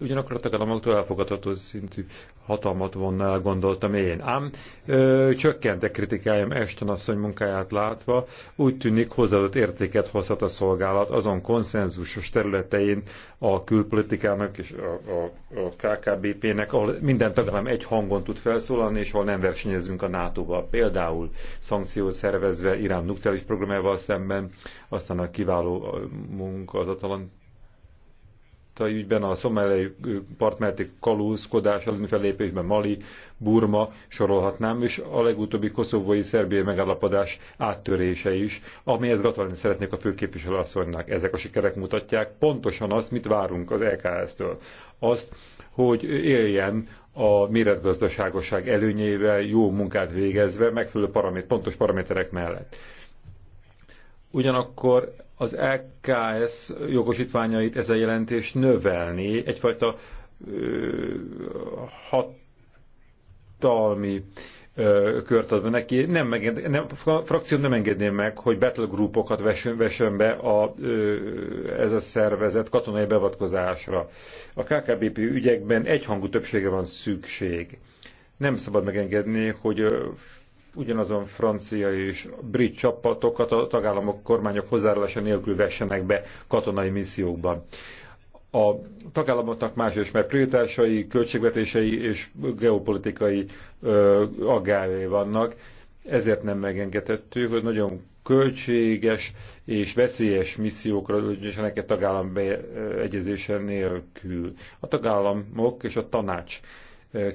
S3: ugyanakkor a tagállamoktól elfogadható szintű hatalmat vonna el, gondoltam én. Ám ö, csökkentek kritikájam Eston asszony munkáját látva, úgy tűnik hozzáadott értéket hozhat a szolgálat azon konszenzusos területein a külpolitikának és a, a, a KKBP-nek, ahol minden tagállam egy hangon tud felszólalni, és ahol nem versenyezünk a NATO-val. Például szankció szervezve Irán nukleáris programjával szemben, aztán a kiváló munka az tai ügyben, a szomelei partmerti kalózkodás elleni fellépésben Mali, Burma, sorolhatnám, és a legutóbbi koszovói szerbiai megállapodás áttörése is, amihez gratulálni szeretnék a főképviselő asszonynak. Ezek a sikerek mutatják pontosan azt, mit várunk az EKS-től. Azt, hogy éljen a méretgazdaságosság előnyeivel, jó munkát végezve, megfelelő paramét, pontos paraméterek mellett. Ugyanakkor az LKS jogosítványait ez a jelentés növelni, egyfajta ö, hatalmi ö, kört adva neki. Nem, meged, nem, a frakció nem engedné meg, hogy battlegroupokat vessen, be a, ö, ez a szervezet katonai beavatkozásra. A KKBP ügyekben egyhangú többsége van szükség. Nem szabad megengedni, hogy ugyanazon francia és brit csapatokat a tagállamok kormányok hozzárulása nélkül vessenek be katonai missziókban. A tagállamoknak más és mert prioritásai, költségvetései és geopolitikai aggályai vannak, ezért nem megengedhető, hogy nagyon költséges és veszélyes missziókra ügyessenek egy tagállam egyezése nélkül. A tagállamok és a tanács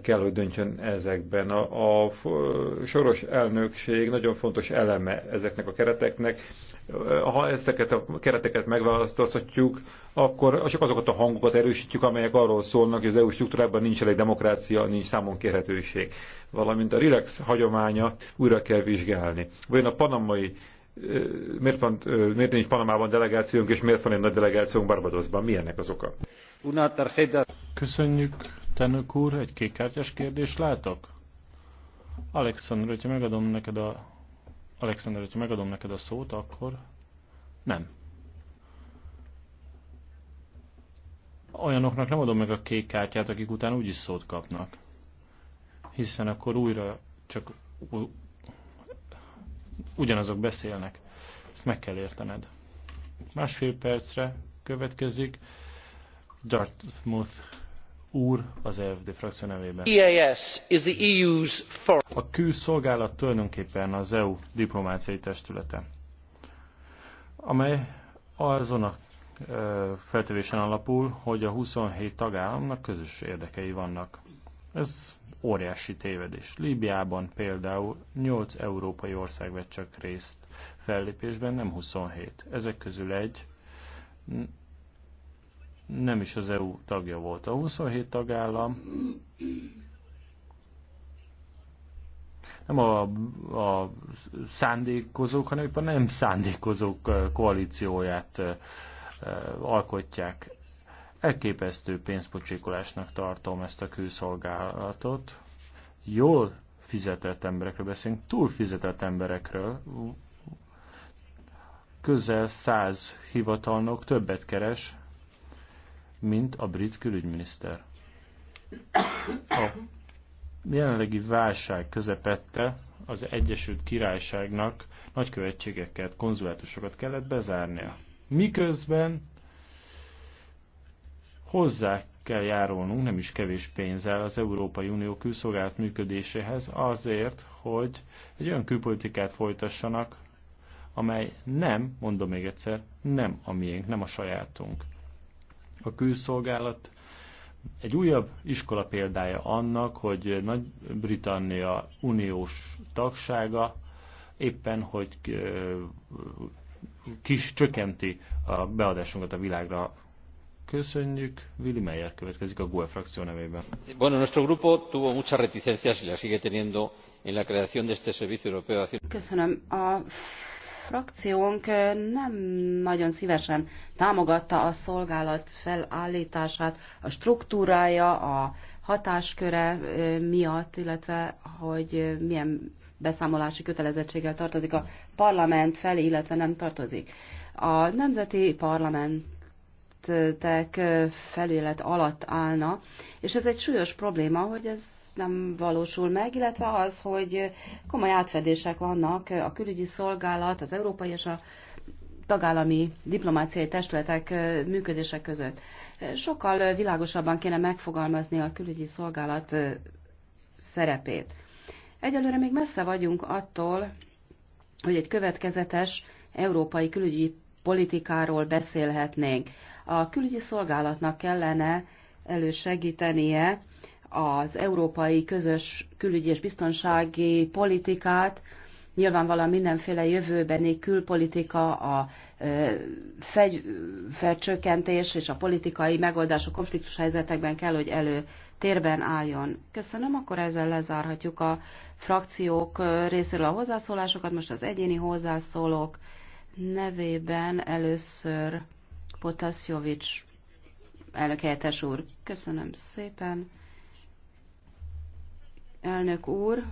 S3: kell, hogy döntsön ezekben. A, a soros elnökség nagyon fontos eleme ezeknek a kereteknek. Ha ezeket a kereteket megválasztathatjuk, akkor csak azokat a hangokat erősítjük, amelyek arról szólnak, hogy az EU struktúrában nincs elég demokrácia, nincs számon kérhetőség. Valamint a relax hagyománya újra kell vizsgálni. Vajon a panamai miért, van, miért nincs Panamában delegációnk, és miért van egy nagy delegációnk Barbadosban? Milyennek az oka?
S1: Köszönjük. Tenők úr, egy kékkártyás kérdés látok? Alexander, hogyha megadom neked a... Alexander, hogyha megadom neked a szót, akkor... Nem. Olyanoknak nem adom meg a kék kártyát, akik után úgyis szót kapnak. Hiszen akkor újra csak ugyanazok beszélnek. Ezt meg kell értened. Másfél percre következik Dartmouth úr az EFD frakció nevében. EAS is the EU's A külszolgálat tulajdonképpen az EU diplomáciai testülete, amely azon a e, feltevésen alapul, hogy a 27 tagállamnak közös érdekei vannak. Ez óriási tévedés. Líbiában például 8 európai ország vett csak részt fellépésben, nem 27. Ezek közül egy nem is az EU tagja volt. A 27 tagállam nem a, a szándékozók, hanem a nem szándékozók koalícióját alkotják. Elképesztő pénzpocsékolásnak tartom ezt a külszolgálatot. Jól fizetett emberekről beszélünk, túl fizetett emberekről. Közel száz hivatalnok többet keres, mint a brit külügyminiszter. A jelenlegi válság közepette az Egyesült Királyságnak nagykövetségeket, konzulátusokat kellett bezárnia. Miközben hozzá kell járulnunk, nem is kevés pénzzel az Európai Unió külszolgálat működéséhez azért, hogy egy olyan külpolitikát folytassanak, amely nem, mondom még egyszer, nem a miénk, nem a sajátunk. A külszolgálat egy újabb iskola példája annak, hogy Nagy-Britannia uniós tagsága éppen, hogy kis csökkenti a beadásunkat a világra. Köszönjük. Willy Meyer következik a GUE frakció nevében. Bueno,
S3: nuestro
S4: grupo tuvo muchas reticencias y las sigue teniendo en la creación de este servicio europeo.
S2: Köszönöm. A frakciónk nem nagyon szívesen támogatta a szolgálat felállítását a struktúrája, a hatásköre miatt, illetve hogy milyen beszámolási kötelezettséggel tartozik a parlament felé, illetve nem tartozik. A nemzeti parlament felület alatt állna, és ez egy súlyos probléma, hogy ez nem valósul meg, illetve az, hogy komoly átfedések vannak a külügyi szolgálat, az európai és a tagállami diplomáciai testületek működése között. Sokkal világosabban kéne megfogalmazni a külügyi szolgálat szerepét. Egyelőre még messze vagyunk attól, hogy egy következetes európai külügyi politikáról beszélhetnénk. A külügyi szolgálatnak kellene elősegítenie az európai közös külügyi és biztonsági politikát, nyilvánvalóan mindenféle jövőbeni külpolitika, a fegyvercsökkentés és a politikai megoldás a konfliktus helyzetekben kell, hogy elő térben álljon. Köszönöm, akkor ezzel lezárhatjuk a frakciók részéről a hozzászólásokat. Most az egyéni hozzászólók nevében először Potasjovics elnök úr. Köszönöm szépen elnök úr,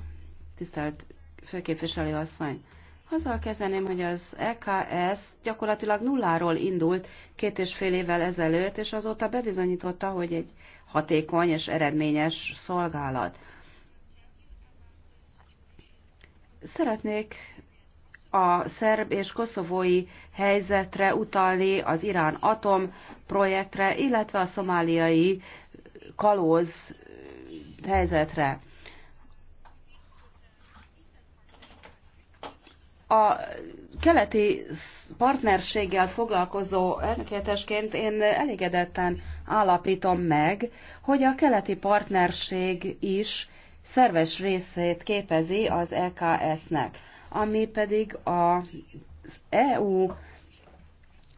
S2: tisztelt főképviselő asszony! Azzal kezdeném, hogy az EKS gyakorlatilag nulláról indult két és fél évvel ezelőtt, és azóta bebizonyította, hogy egy hatékony és eredményes szolgálat. Szeretnék a szerb és koszovói helyzetre utalni, az Irán atom projektre, illetve a szomáliai kalóz helyzetre. A keleti partnerséggel foglalkozó elnökhelyettesként én elégedetten állapítom meg, hogy a keleti partnerség is szerves részét képezi az EKS-nek, ami pedig az EU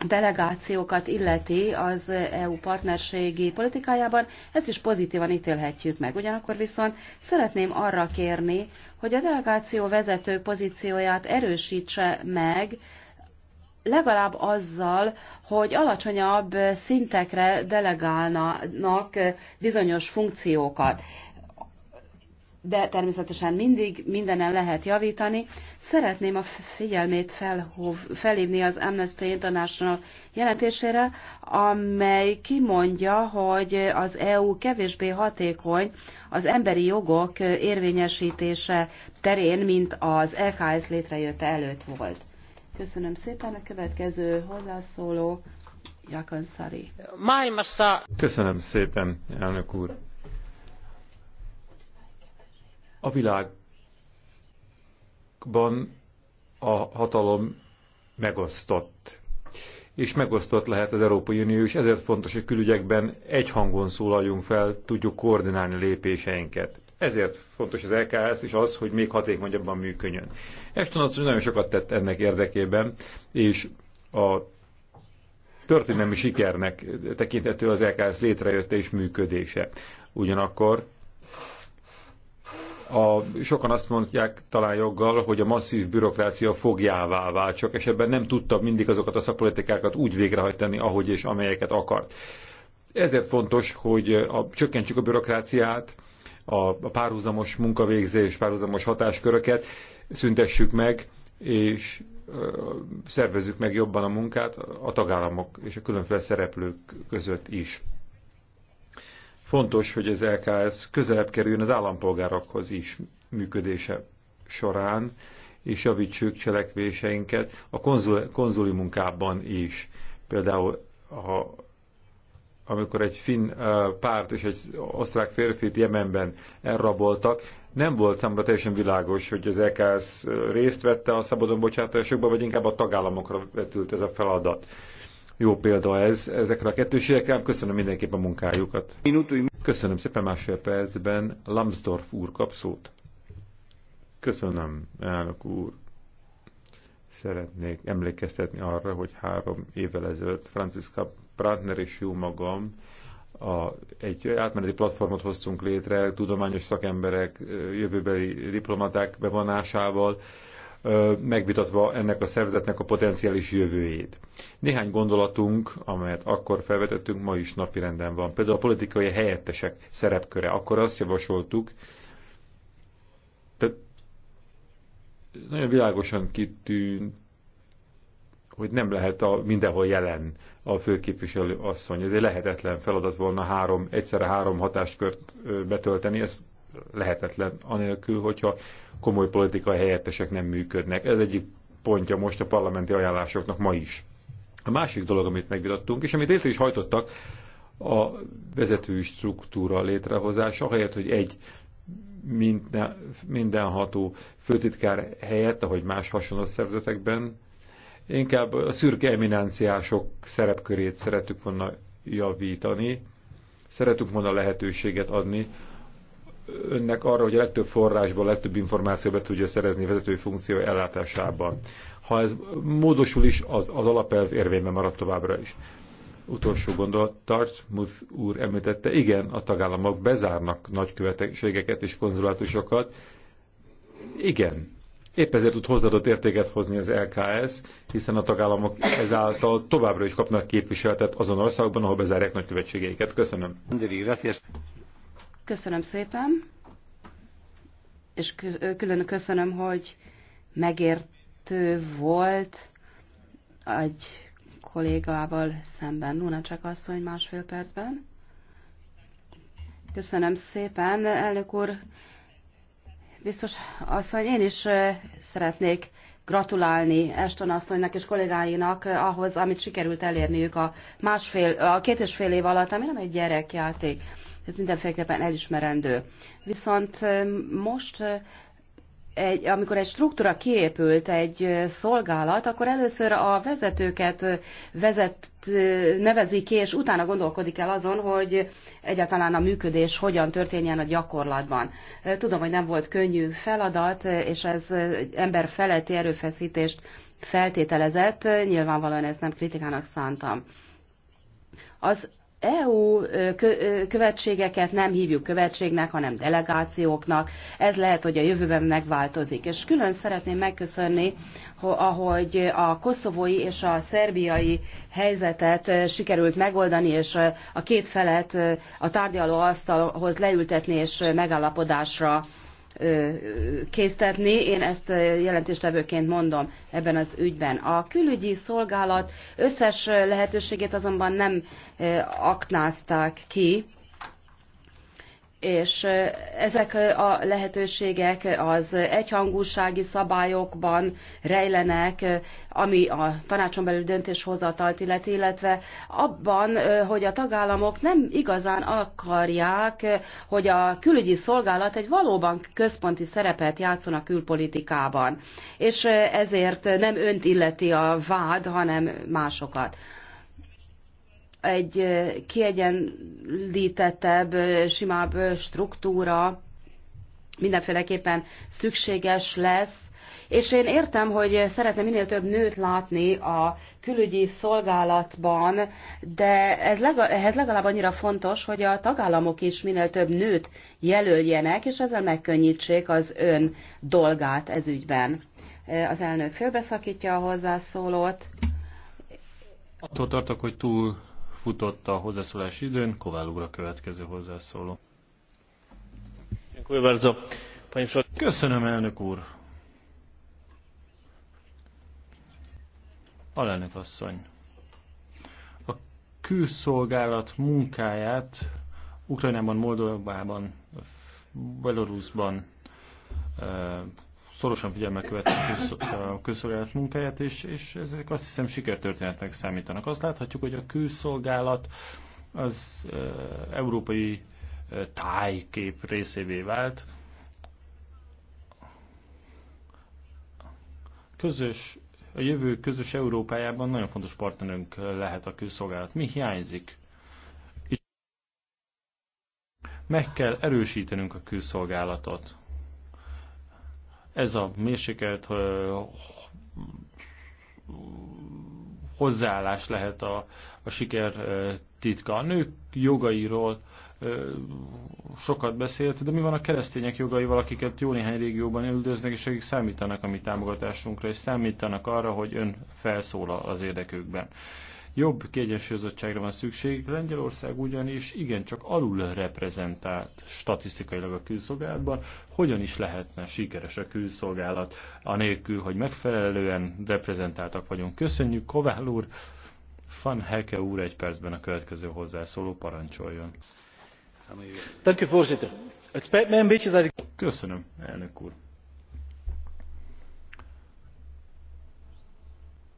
S2: delegációkat illeti az EU partnerségi politikájában, ezt is pozitívan ítélhetjük meg. Ugyanakkor viszont szeretném arra kérni, hogy a delegáció vezető pozícióját erősítse meg, legalább azzal, hogy alacsonyabb szintekre delegálnak bizonyos funkciókat de természetesen mindig mindenen lehet javítani. Szeretném a figyelmét felhov, felhívni az Amnesty International jelentésére, amely kimondja, hogy az EU kevésbé hatékony az emberi jogok érvényesítése terén, mint az LKS létrejötte előtt volt. Köszönöm szépen a következő hozzászóló, Jakon Szari.
S3: Köszönöm szépen, elnök úr. A világban a hatalom megosztott. És megosztott lehet az Európai Unió, és ezért fontos, hogy külügyekben egy hangon szólaljunk fel, tudjuk koordinálni lépéseinket. Ezért fontos az LKS és az, hogy még hatékonyabban működjön. Eston azt nagyon sokat tett ennek érdekében, és a történelmi sikernek tekintető az LKS létrejötte és működése. Ugyanakkor a, sokan azt mondják talán joggal, hogy a masszív bürokrácia fogjává vált, csak és ebben nem tudta mindig azokat a szakpolitikákat úgy végrehajtani, ahogy és amelyeket akart. Ezért fontos, hogy a, csökkentsük a bürokráciát, a, a párhuzamos munkavégzés, párhuzamos hatásköröket, szüntessük meg, és szervezzük meg jobban a munkát a tagállamok és a különféle szereplők között is. Fontos, hogy az LKS közelebb kerüljön az állampolgárokhoz is működése során, és javítsuk cselekvéseinket a konzul, konzuli munkában is. Például, ha, amikor egy finn párt és egy osztrák férfit Jemenben elraboltak, nem volt számra teljesen világos, hogy az EKS részt vette a szabadon bocsátásokba, vagy inkább a tagállamokra vetült ez a feladat. Jó példa ez ezekre a kettőségekre. Köszönöm mindenképp a munkájukat. Köszönöm szépen másfél percben. Lambsdorff úr kap szót. Köszönöm, elnök úr. Szeretnék emlékeztetni arra, hogy három évvel ezelőtt Franciska Brandner és jó magam a, egy átmeneti platformot hoztunk létre tudományos szakemberek, jövőbeli diplomaták bevonásával, megvitatva ennek a szervezetnek a potenciális jövőjét. Néhány gondolatunk, amelyet akkor felvetettünk, ma is napirenden van. Például a politikai helyettesek szerepköre. Akkor azt javasoltuk, tehát nagyon világosan kitűnt, hogy nem lehet a, mindenhol jelen a főképviselő asszony. Ez egy lehetetlen feladat volna három, egyszerre három hatáskört betölteni, ezt lehetetlen, anélkül, hogyha komoly politikai helyettesek nem működnek. Ez egyik pontja most a parlamenti ajánlásoknak ma is. A másik dolog, amit megvitattunk, és amit észre is hajtottak, a vezetői struktúra létrehozása, ahelyett, hogy egy mindenható főtitkár helyett, ahogy más hasonló szervezetekben, inkább a szürke eminenciások szerepkörét szeretük volna javítani, szeretünk volna lehetőséget adni önnek arra, hogy a legtöbb forrásból, a legtöbb információ be tudja szerezni vezetői funkció ellátásában. Ha ez módosul is, az, az alapelv érvényben marad továbbra is. Utolsó gondolat, tart. Muth úr említette, igen, a tagállamok bezárnak nagykövetségeket és konzulátusokat. Igen, Épp ezért tud hozzáadott értéket hozni az LKS, hiszen a tagállamok ezáltal továbbra is kapnak képviseletet azon országokban, ahol bezárják nagykövetségeiket. Köszönöm.
S2: Köszönöm szépen, és külön köszönöm, hogy megértő volt egy kollégával szemben. Luna csak asszony másfél percben. Köszönöm szépen, elnök úr. Biztos asszony, én is szeretnék gratulálni Eston asszonynak és kollégáinak ahhoz, amit sikerült elérniük a, másfél, a két és fél év alatt, ami nem egy gyerekjáték ez mindenféleképpen elismerendő. Viszont most egy, amikor egy struktúra kiépült, egy szolgálat, akkor először a vezetőket vezet, nevezik ki, és utána gondolkodik el azon, hogy egyáltalán a működés hogyan történjen a gyakorlatban. Tudom, hogy nem volt könnyű feladat, és ez ember feletti erőfeszítést feltételezett, nyilvánvalóan ezt nem kritikának szántam. Az EU követségeket nem hívjuk követségnek, hanem delegációknak. Ez lehet, hogy a jövőben megváltozik. És külön szeretném megköszönni, ahogy a koszovói és a szerbiai helyzetet sikerült megoldani, és a két felet a tárgyalóasztalhoz leültetni és megállapodásra késztetni, én ezt jelentéstevőként mondom ebben az ügyben. A külügyi szolgálat összes lehetőségét azonban nem aknázták ki, és ezek a lehetőségek az egyhangúsági szabályokban rejlenek, ami a tanácson belül döntéshozatalt illeti, illetve abban, hogy a tagállamok nem igazán akarják, hogy a külügyi szolgálat egy valóban központi szerepet játszon a külpolitikában, és ezért nem önt illeti a vád, hanem másokat egy kiegyenlítettebb, simább struktúra mindenféleképpen szükséges lesz, és én értem, hogy szeretne minél több nőt látni a külügyi szolgálatban, de ez legalább, ehhez legalább annyira fontos, hogy a tagállamok is minél több nőt jelöljenek, és ezzel megkönnyítsék az ön dolgát ez ügyben. Az elnök félbeszakítja a hozzászólót.
S1: Attól tartok, hogy túl futott a hozzászólás időn. Kovál úr a következő hozzászóló. Köszönöm, elnök úr. Alelnök asszony. A külszolgálat munkáját Ukrajnában, Moldovában, Belarusban eh, szorosan figyelme követi a közszolgálat munkáját, és, és ezek azt hiszem sikertörténetnek számítanak. Azt láthatjuk, hogy a külszolgálat az európai tájkép részévé vált. Közös, a jövő közös Európájában nagyon fontos partnerünk lehet a külszolgálat. Mi hiányzik? Meg kell erősítenünk a külszolgálatot ez a mérsékelt hozzáállás lehet a, a siker titka. A nők jogairól sokat beszélt, de mi van a keresztények jogaival, akiket jó néhány régióban üldöznek, és akik számítanak a mi támogatásunkra, és számítanak arra, hogy ön felszólal az érdekükben. Jobb kiegyensúlyozottságra van szükség, Lengyelország ugyanis igencsak alul reprezentált statisztikailag a külszolgálatban. Hogyan is lehetne sikeres a külszolgálat, anélkül, hogy megfelelően reprezentáltak vagyunk. Köszönjük, Kovál úr! Van Heke úr egy percben a következő hozzászóló parancsoljon. Köszönöm, elnök úr.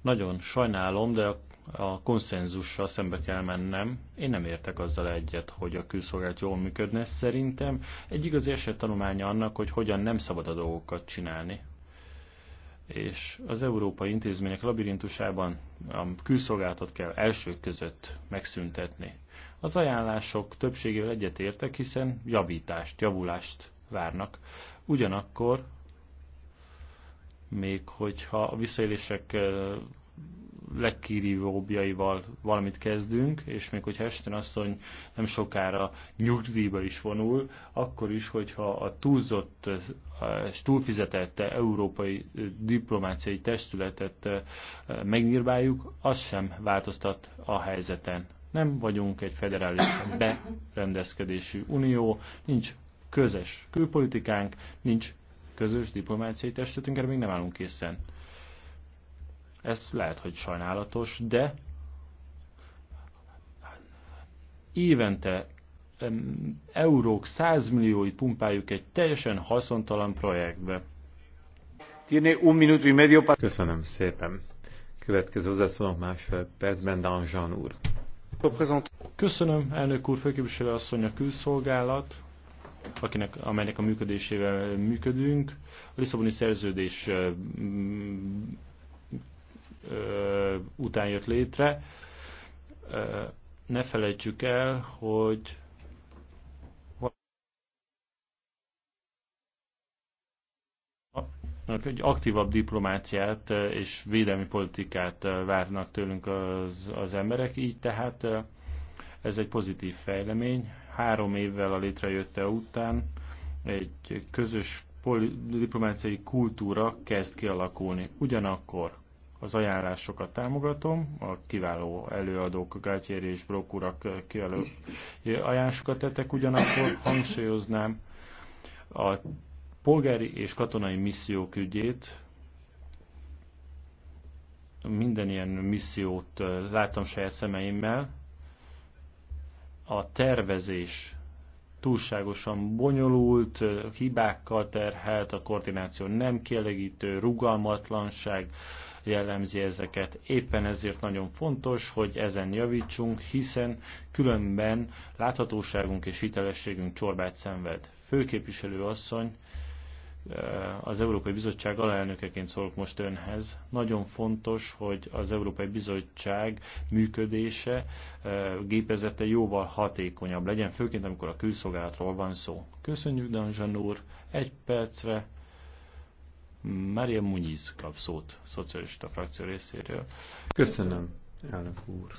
S1: Nagyon sajnálom, de a a konszenzussal szembe kell mennem. Én nem értek azzal egyet, hogy a külszolgált jól működne. Szerintem egy igazi tanulmánya annak, hogy hogyan nem szabad a dolgokat csinálni. És az európai intézmények labirintusában a külszolgáltat kell elsők között megszüntetni. Az ajánlások többségével egyetértek, hiszen javítást, javulást várnak. Ugyanakkor még hogyha a visszaélések eh, legkirívóbbjaival valamit kezdünk, és még hogyha Esten asszony nem sokára nyugdíjba is vonul, akkor is, hogyha a túlzott eh, és túlfizetette európai eh, diplomáciai testületet eh, megnyírbáljuk, az sem változtat a helyzeten. Nem vagyunk egy federális berendezkedésű unió, nincs közös külpolitikánk, nincs közös diplomáciai testületünk, erre még nem állunk készen. Ez lehet, hogy sajnálatos, de évente eurók százmillióit pumpáljuk egy teljesen haszontalan projektbe. Tiene un minuto y medio para...
S3: Köszönöm szépen. Következő hozzászólónk másfél percben Jean úr.
S1: Köszönöm, elnök úr, főképviselő asszony a külszolgálat, akinek, amelynek a működésével működünk. A Lisszaboni szerződés után jött létre. Ne felejtsük el, hogy egy aktívabb diplomáciát és védelmi politikát várnak tőlünk az, az emberek, így tehát ez egy pozitív fejlemény. Három évvel a létrejötte után egy közös diplomáciai kultúra kezd kialakulni. Ugyanakkor az ajánlásokat támogatom, a kiváló előadók, Gátyér és Brok urak eh, kiváló ajánlásokat tettek, ugyanakkor hangsúlyoznám a polgári és katonai missziók ügyét, minden ilyen missziót eh, láttam saját szemeimmel, a tervezés túlságosan bonyolult, eh, hibákkal terhelt, a koordináció nem kielégítő, rugalmatlanság, jellemzi ezeket. Éppen ezért nagyon fontos, hogy ezen javítsunk, hiszen különben láthatóságunk és hitelességünk csorbát szenved. Főképviselő asszony, eh, az Európai Bizottság alelnökeként szólok most önhez. Nagyon fontos, hogy az Európai Bizottság működése, eh, gépezete jóval hatékonyabb legyen, főként amikor a külszolgálatról van szó. Köszönjük, Danzsan úr, egy percre Mária Munyiz kap szót szocialista frakció részéről. Köszönöm, elnök úr.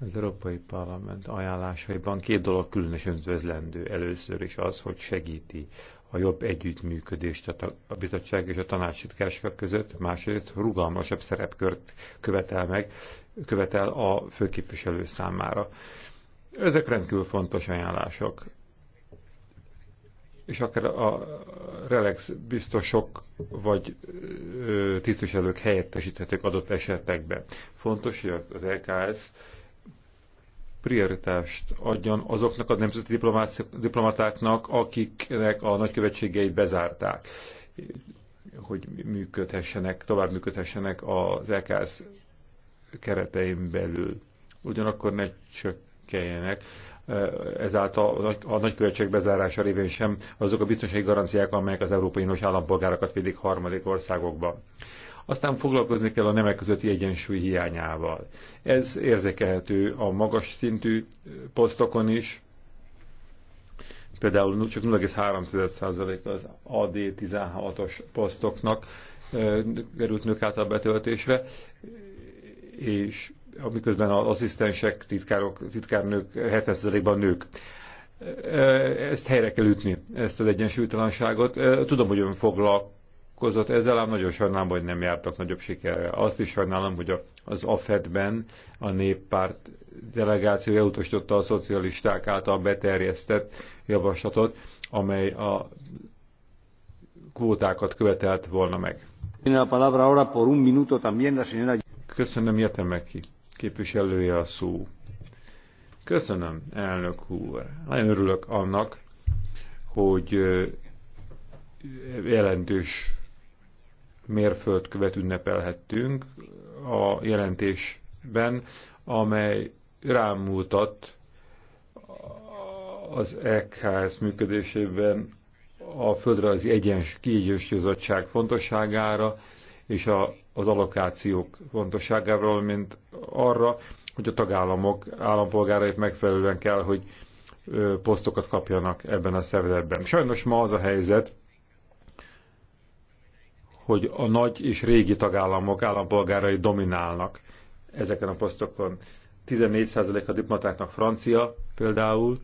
S3: Az Európai Parlament ajánlásaiban két dolog különösen üdvözlendő. Először is az, hogy segíti a jobb együttműködést a, a bizottság és a tanácsitkársak között, másrészt rugalmasabb szerepkört követel meg, követel a főképviselő számára. Ezek rendkívül fontos ajánlások és akár a relax biztosok vagy tisztviselők helyettesíthetők adott esetekben. Fontos, hogy az LKS prioritást adjon azoknak a nemzeti diplomatáknak, akiknek a nagykövetségeit bezárták, hogy működhessenek, tovább működhessenek az LKS keretein belül. Ugyanakkor ne csökkenjenek ezáltal a nagykövetség bezárása révén sem azok a biztonsági garanciák, amelyek az Európai Uniós állampolgárokat védik harmadik országokba. Aztán foglalkozni kell a nemek közötti egyensúly hiányával. Ez érzékelhető a magas szintű posztokon is, például csak 0,3% az AD16-os posztoknak került nők által betöltésre, és amiközben az asszisztensek, titkárok, titkárnők 70%-ban nők. Ezt helyre kell ütni, ezt az egyensúlytalanságot. Tudom, hogy ön foglalkozott ezzel, ám nagyon sajnálom, hogy nem jártak nagyobb sikerrel. Azt is sajnálom, hogy az AFED-ben a néppárt delegációja utasította a szocialisták által beterjesztett javaslatot, amely a kvótákat követelt volna meg. Köszönöm, jöttem meg ki képviselője a szó. Köszönöm, elnök úr. Nagyon örülök annak, hogy jelentős mérföldkövet ünnepelhettünk a jelentésben, amely rámutat az EKS működésében a földrajzi egyens kiegyensúlyozottság fontosságára, és a, az allokációk fontosságáról, mint arra, hogy a tagállamok állampolgárait megfelelően kell, hogy posztokat kapjanak ebben a szervezetben. Sajnos ma az a helyzet, hogy a nagy és régi tagállamok állampolgárai dominálnak ezeken a posztokon. 14% a diplomatáknak francia például,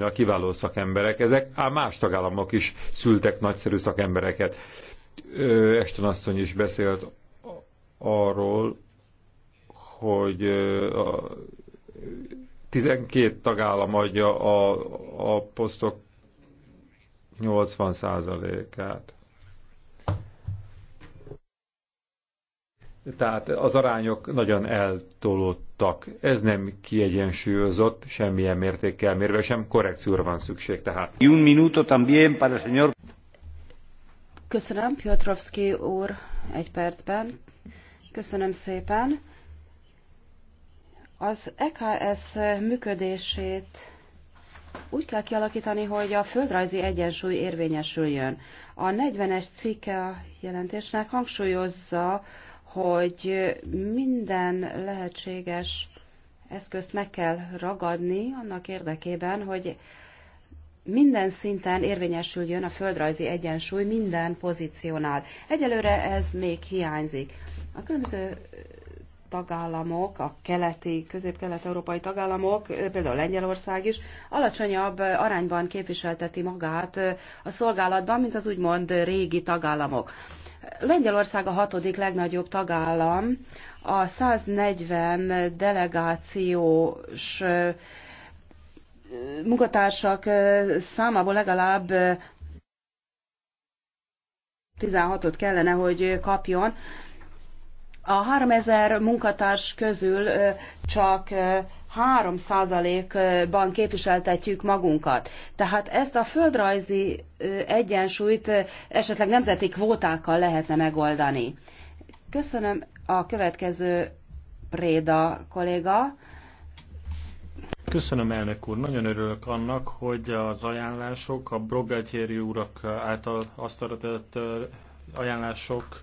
S3: a kiváló szakemberek ezek, ám más tagállamok is szültek nagyszerű szakembereket. Eston asszony is beszélt arról, hogy a 12 tagállam adja a, a posztok 80%-át. Tehát az arányok nagyon eltolódtak. Ez nem kiegyensúlyozott, semmilyen mértékkel mérve sem, korrekcióra van szükség tehát. Un minuto también para señor...
S2: Köszönöm, Piotrowski úr, egy percben. Köszönöm szépen. Az EKS működését úgy kell kialakítani, hogy a földrajzi egyensúly érvényesüljön. A 40-es cikke a jelentésnek hangsúlyozza, hogy minden lehetséges eszközt meg kell ragadni annak érdekében, hogy minden szinten érvényesüljön a földrajzi egyensúly minden pozíciónál. Egyelőre ez még hiányzik. A különböző tagállamok, a keleti, közép-kelet-európai tagállamok, például Lengyelország is, alacsonyabb arányban képviselteti magát a szolgálatban, mint az úgymond régi tagállamok. Lengyelország a hatodik legnagyobb tagállam, a 140 delegációs munkatársak számából legalább 16-ot kellene, hogy kapjon. A 3000 munkatárs közül csak 3%-ban képviseltetjük magunkat. Tehát ezt a földrajzi egyensúlyt esetleg nemzeti kvótákkal lehetne megoldani. Köszönöm a következő Préda kolléga.
S1: Köszönöm, elnök úr. Nagyon örülök annak, hogy az ajánlások, a Brogatyéri úrak által asztalra tett ajánlások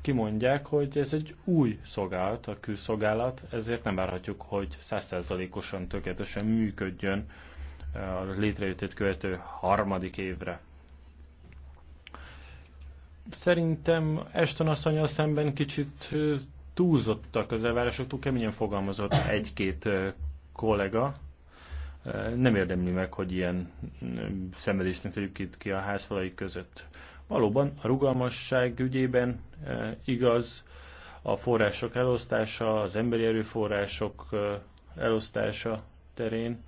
S1: kimondják, hogy ez egy új szolgálat, a külszolgálat, ezért nem várhatjuk, hogy százszerzalékosan, tökéletesen működjön a létrejöttét követő harmadik évre. Szerintem Eston asszonyal szemben kicsit túlzottak az elvárások, túl keményen fogalmazott egy-két kollega nem érdemli meg, hogy ilyen szenvedésnek tegyük itt ki a házfalai között. Valóban a rugalmasság ügyében igaz, a források elosztása, az emberi erőforrások elosztása terén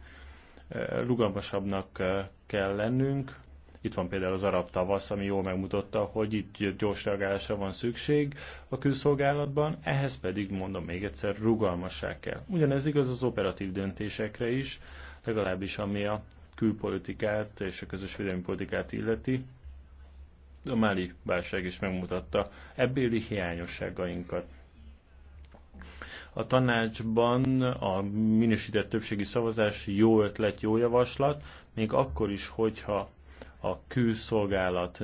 S1: rugalmasabbnak kell lennünk, itt van például az arab tavasz, ami jól megmutatta, hogy itt gyors reagálásra van szükség a külszolgálatban, ehhez pedig, mondom még egyszer, rugalmasság kell. Ugyanez igaz az operatív döntésekre is, legalábbis ami a külpolitikát és a közös védelmi politikát illeti. A Máli válság is megmutatta ebbéli hiányosságainkat. A tanácsban a minősített többségi szavazás jó ötlet, jó javaslat, még akkor is, hogyha a külszolgálat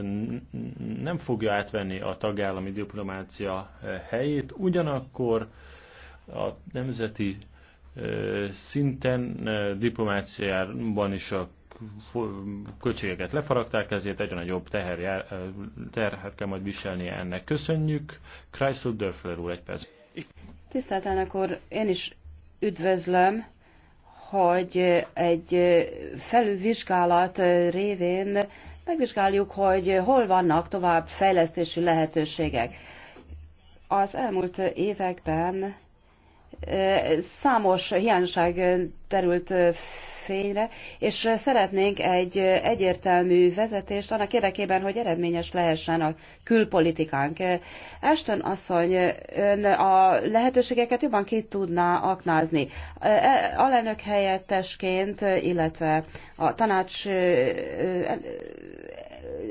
S1: nem fogja átvenni a tagállami diplomácia eh, helyét, ugyanakkor a nemzeti eh, szinten eh, diplomáciában is a költségeket lefaragták, ezért egyre nagyobb teher jár, terhet kell majd viselni ennek. Köszönjük. Chrysler Dörfler úr, egy perc.
S2: Tisztelt elnök úr, én is üdvözlöm hogy egy felülvizsgálat révén megvizsgáljuk, hogy hol vannak tovább fejlesztési lehetőségek. Az elmúlt években eh, számos hiányosság terült fényre, és szeretnénk egy egyértelmű vezetést annak érdekében, hogy eredményes lehessen a külpolitikánk. Ashton asszony, ön a lehetőségeket jobban ki tudná aknázni. E, alelnök helyettesként, illetve a tanács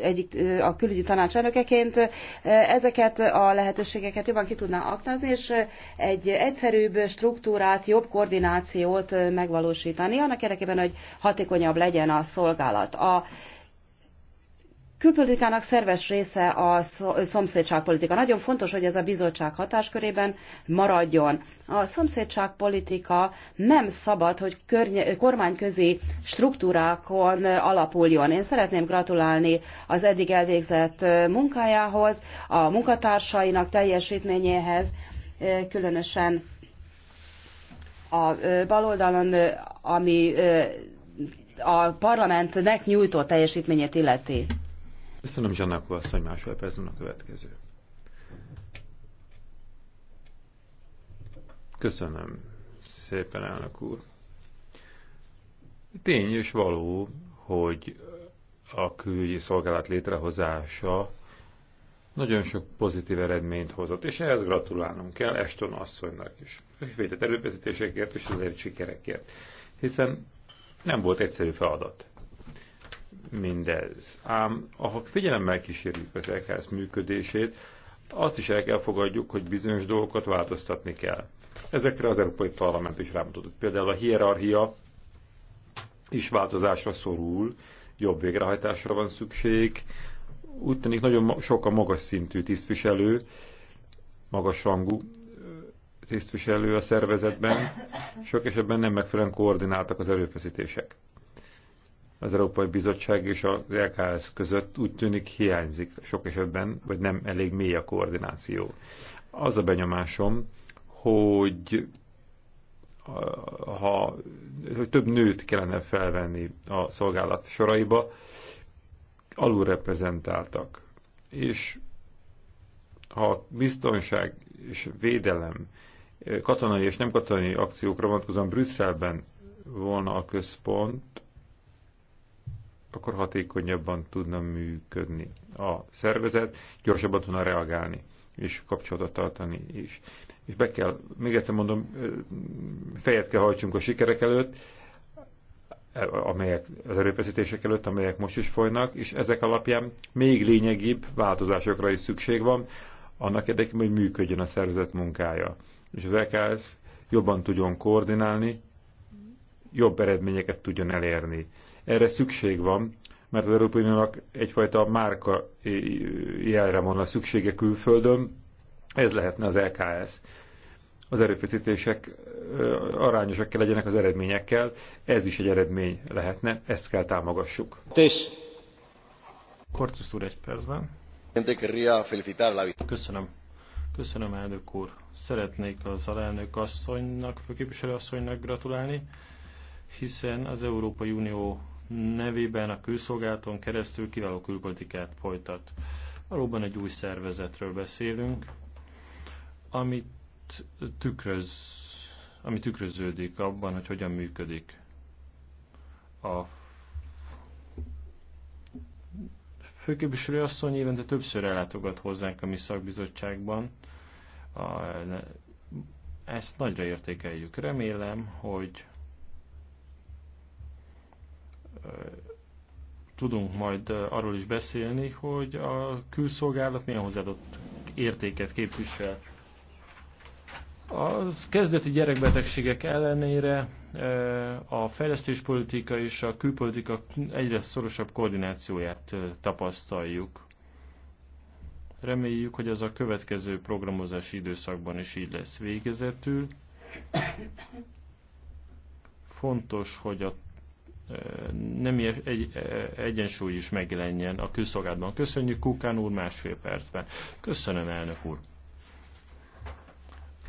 S2: egyik a külügyi tanács elnökeként ezeket a lehetőségeket jobban ki tudná aknázni, és egy egyszerűbb struktúrát, jobb koordinációt megvalósítani, annak érdekében, hogy hatékonyabb legyen a szolgálat. A külpolitikának szerves része a szomszédságpolitika. Nagyon fontos, hogy ez a bizottság hatáskörében maradjon. A szomszédságpolitika nem szabad, hogy kormányközi struktúrákon alapuljon. Én szeretném gratulálni az eddig elvégzett munkájához, a munkatársainak teljesítményéhez, különösen a baloldalon, ami a parlamentnek nyújtott teljesítményét illeti.
S3: Köszönöm, Zsanakó asszony, másodpercben a következő. Köszönöm szépen, elnök úr. Tény és való, hogy a külügyi szolgálat létrehozása nagyon sok pozitív eredményt hozott, és ehhez gratulálnunk kell Eston asszonynak is. Védett erőfeszítésekért és azért sikerekért, hiszen nem volt egyszerű feladat mindez. Ám ha figyelemmel kísérjük az EKSZ működését, azt is el kell fogadjuk, hogy bizonyos dolgokat változtatni kell. Ezekre az Európai Parlament is rámutatott. Például a hierarchia is változásra szorul, jobb végrehajtásra van szükség. Úgy tűnik nagyon sok a magas szintű tisztviselő, magas rangú tisztviselő a szervezetben, sok esetben nem megfelelően koordináltak az erőfeszítések az Európai Bizottság és a LKS között úgy tűnik hiányzik sok esetben, vagy nem elég mély a koordináció. Az a benyomásom, hogy ha hogy több nőt kellene felvenni a szolgálat soraiba, alulreprezentáltak. És ha biztonság és védelem katonai és nem katonai akciókra vonatkozóan Brüsszelben volna a központ, akkor hatékonyabban tudna működni a szervezet, gyorsabban tudna reagálni és kapcsolatot tartani is. És be kell, még egyszer mondom, fejet kell hajtsunk a sikerek előtt, e, amelyek az erőfeszítések előtt, amelyek most is folynak, és ezek alapján még lényegibb változásokra is szükség van, annak érdekében, hogy működjön a szervezet munkája. És az LKS jobban tudjon koordinálni, jobb eredményeket tudjon elérni. Erre szükség van, mert az Európai Uniónak egyfajta márka jelre van a szüksége külföldön, ez lehetne az LKS. Az erőfeszítések arányosak kell legyenek az eredményekkel, ez is egy eredmény lehetne, ezt kell támogassuk. Tés.
S1: Kortusz úr egy percben. Köszönöm. Köszönöm, elnök úr. Szeretnék az alelnök asszonynak, főképviselő asszonynak gratulálni, hiszen az Európai Unió nevében a külszolgálaton keresztül kiváló külpolitikát folytat. Valóban egy új szervezetről beszélünk, amit tükröz, ami tükröződik abban, hogy hogyan működik a főképviselő asszony évente többször ellátogat hozzánk a mi szakbizottságban. A, ezt nagyra értékeljük. Remélem, hogy tudunk majd arról is beszélni, hogy a külszolgálat milyen hozzáadott értéket képvisel. A kezdeti gyerekbetegségek ellenére a fejlesztéspolitika és a külpolitika egyre szorosabb koordinációját tapasztaljuk. Reméljük, hogy ez a következő programozási időszakban is így lesz végezetül. Fontos, hogy a nem egy, egy, egyensúly is megjelenjen a külszolgálatban. Köszönjük Kukán úr másfél percben. Köszönöm, elnök úr.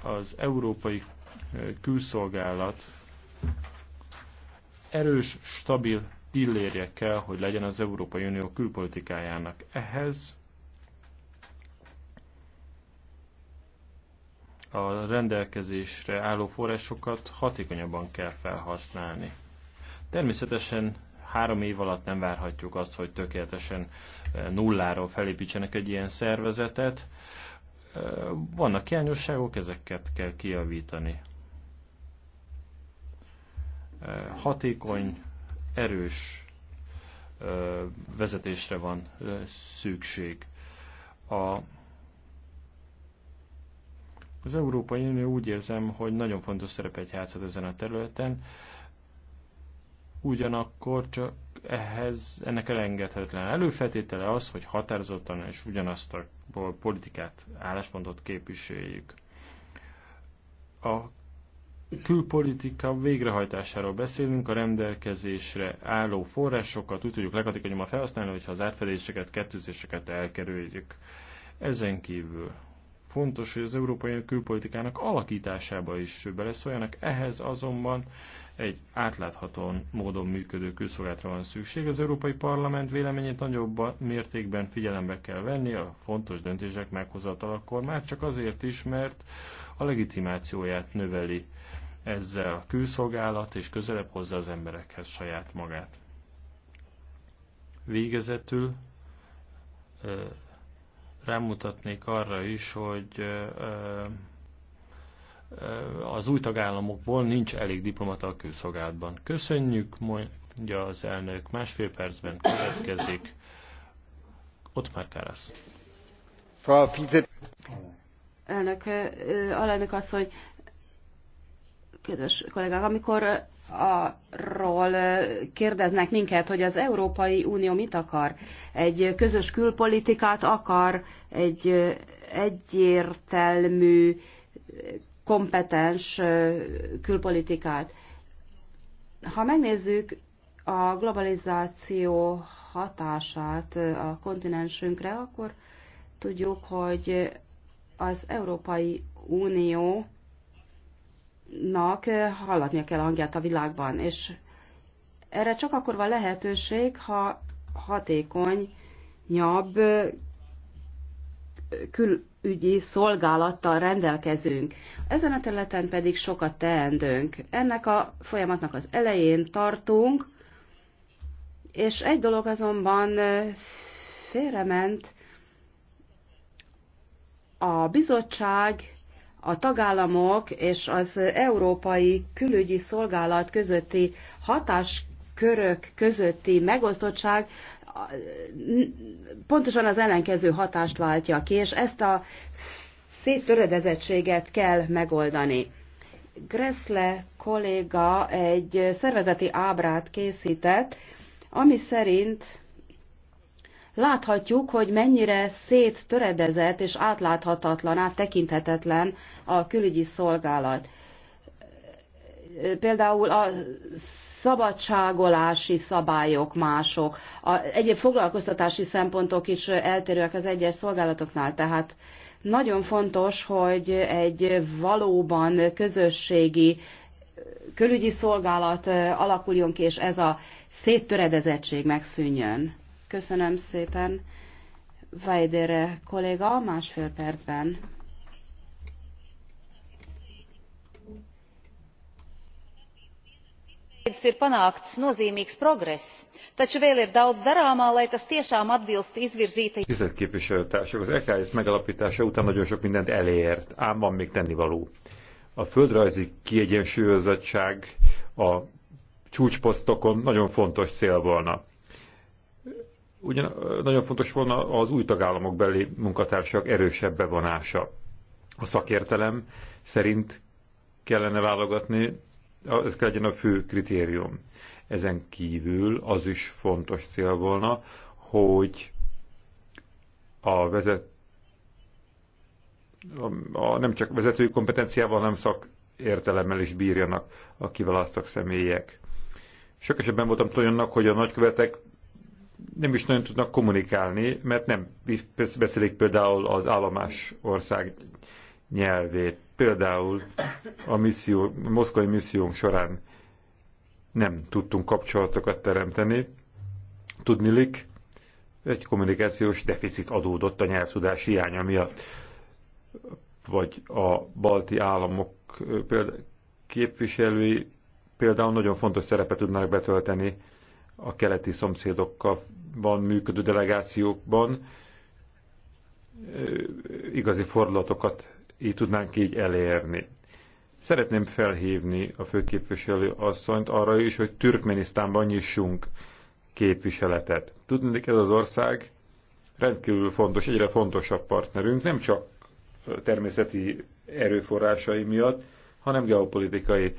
S1: Az európai e, külszolgálat erős, stabil pillérje kell, hogy legyen az Európai Unió külpolitikájának.
S3: Ehhez
S1: a rendelkezésre álló forrásokat hatékonyabban kell felhasználni. Természetesen három év alatt nem várhatjuk azt, hogy tökéletesen eh, nulláról felépítsenek egy ilyen szervezetet. Eh, vannak hiányosságok, ezeket kell kiavítani. Eh, hatékony, erős vezetésre van szükség. A az Európai Unió úgy érzem, hogy nagyon fontos szerepet játszott ezen a területen, ugyanakkor csak ehhez ennek elengedhetetlen előfeltétele az, hogy határozottan és ugyanazt a politikát, álláspontot képviseljük. A külpolitika végrehajtásáról beszélünk, a rendelkezésre álló forrásokat úgy tudjuk leghatékonyabban felhasználni, hogyha az átfedéseket, kettőzéseket elkerüljük. Ezen kívül fontos, hogy az európai külpolitikának alakításába is beleszóljanak, ehhez azonban egy átlátható módon működő külszolgálatra van szükség. Az Európai Parlament véleményét nagyobb mértékben figyelembe kell venni a fontos döntések meghozatalakor, már csak azért is, mert a legitimációját növeli ezzel a külszolgálat, és közelebb hozza az emberekhez saját magát. Végezetül rámutatnék arra is, hogy az új tagállamokból nincs elég diplomata a külszolgálatban. Köszönjük, mondja az elnök. Másfél percben következik. Ott már Kárász.
S2: Elnök, alelnök asszony, kedves kollégák, amikor arról kérdeznek minket, hogy az Európai Unió mit akar. Egy közös külpolitikát akar, egy egyértelmű kompetens külpolitikát. Ha megnézzük a globalizáció hatását a kontinensünkre, akkor tudjuk, hogy az Európai Uniónak hallatnia kell hangját a világban, és erre csak akkor van lehetőség, ha hatékonyabb külügyi szolgálattal rendelkezünk. Ezen a területen pedig sokat teendőnk. Ennek a folyamatnak az elején tartunk, és egy dolog azonban félrement, a bizottság, a tagállamok és az Európai Külügyi Szolgálat közötti hatás körök közötti megosztottság pontosan az ellenkező hatást váltja ki, és ezt a széttöredezettséget kell megoldani. Gressle kolléga egy szervezeti ábrát készített, ami szerint láthatjuk, hogy mennyire széttöredezett és átláthatatlan, áttekinthetetlen a külügyi szolgálat. Például a szabadságolási szabályok mások, a, egyéb foglalkoztatási szempontok is eltérőek az egyes szolgálatoknál, tehát nagyon fontos, hogy egy valóban közösségi külügyi szolgálat alakuljon ki, és ez a széttöredezettség megszűnjön. Köszönöm szépen, Vajdere kolléga, másfél percben. pieredze ir panākts nozīmīgs progress taču vēl ir daudz darāmā lai tas tiešām atbilstu izvirzītajiem.
S3: után nagyon sok mindent ám van még tennivaló. a a csúcsposztokon nagyon fontos cél volna. Ugyan nagyon fontos volna az új tagállamok beli munkatársak erősebb bevonása. A szakértelem szerint kellene válogatni ez kell legyen a fő kritérium. Ezen kívül az is fontos cél volna, hogy a vezet a, a, nem csak vezetői kompetenciával, hanem szakértelemmel is bírjanak a kiválasztott személyek. Sok esetben voltam olyannak, hogy a nagykövetek nem is nagyon tudnak kommunikálni, mert nem beszélik például az állomás ország nyelvét. Például a misszió, a moszkvai missziónk során nem tudtunk kapcsolatokat teremteni. Tudnilik, egy kommunikációs deficit adódott a nyelvtudás hiánya miatt. Vagy a balti államok képviselői például nagyon fontos szerepet tudnának betölteni a keleti szomszédokkal van működő delegációkban, igazi fordulatokat így tudnánk így elérni. Szeretném felhívni a főképviselő asszonyt arra is, hogy Türkmenisztánban nyissunk képviseletet. Tudnék, ez az ország rendkívül fontos, egyre fontosabb partnerünk, nem csak természeti erőforrásai miatt, hanem geopolitikai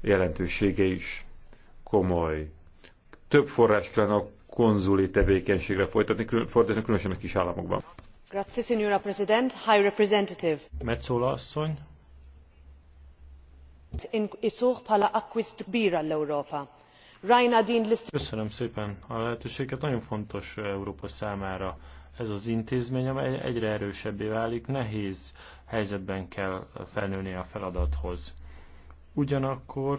S3: jelentősége is komoly. Több forrás kellene a konzuli tevékenységre folytatni, különösen a kis államokban.
S2: Grazie, signora President, High Representative.
S1: Metzola asszony.
S2: Isur pala akwist kbira l
S1: Köszönöm szépen a lehetőséget. Nagyon fontos Európa számára ez az intézmény, amely egyre erősebbé válik, nehéz helyzetben kell felnőni a feladathoz. Ugyanakkor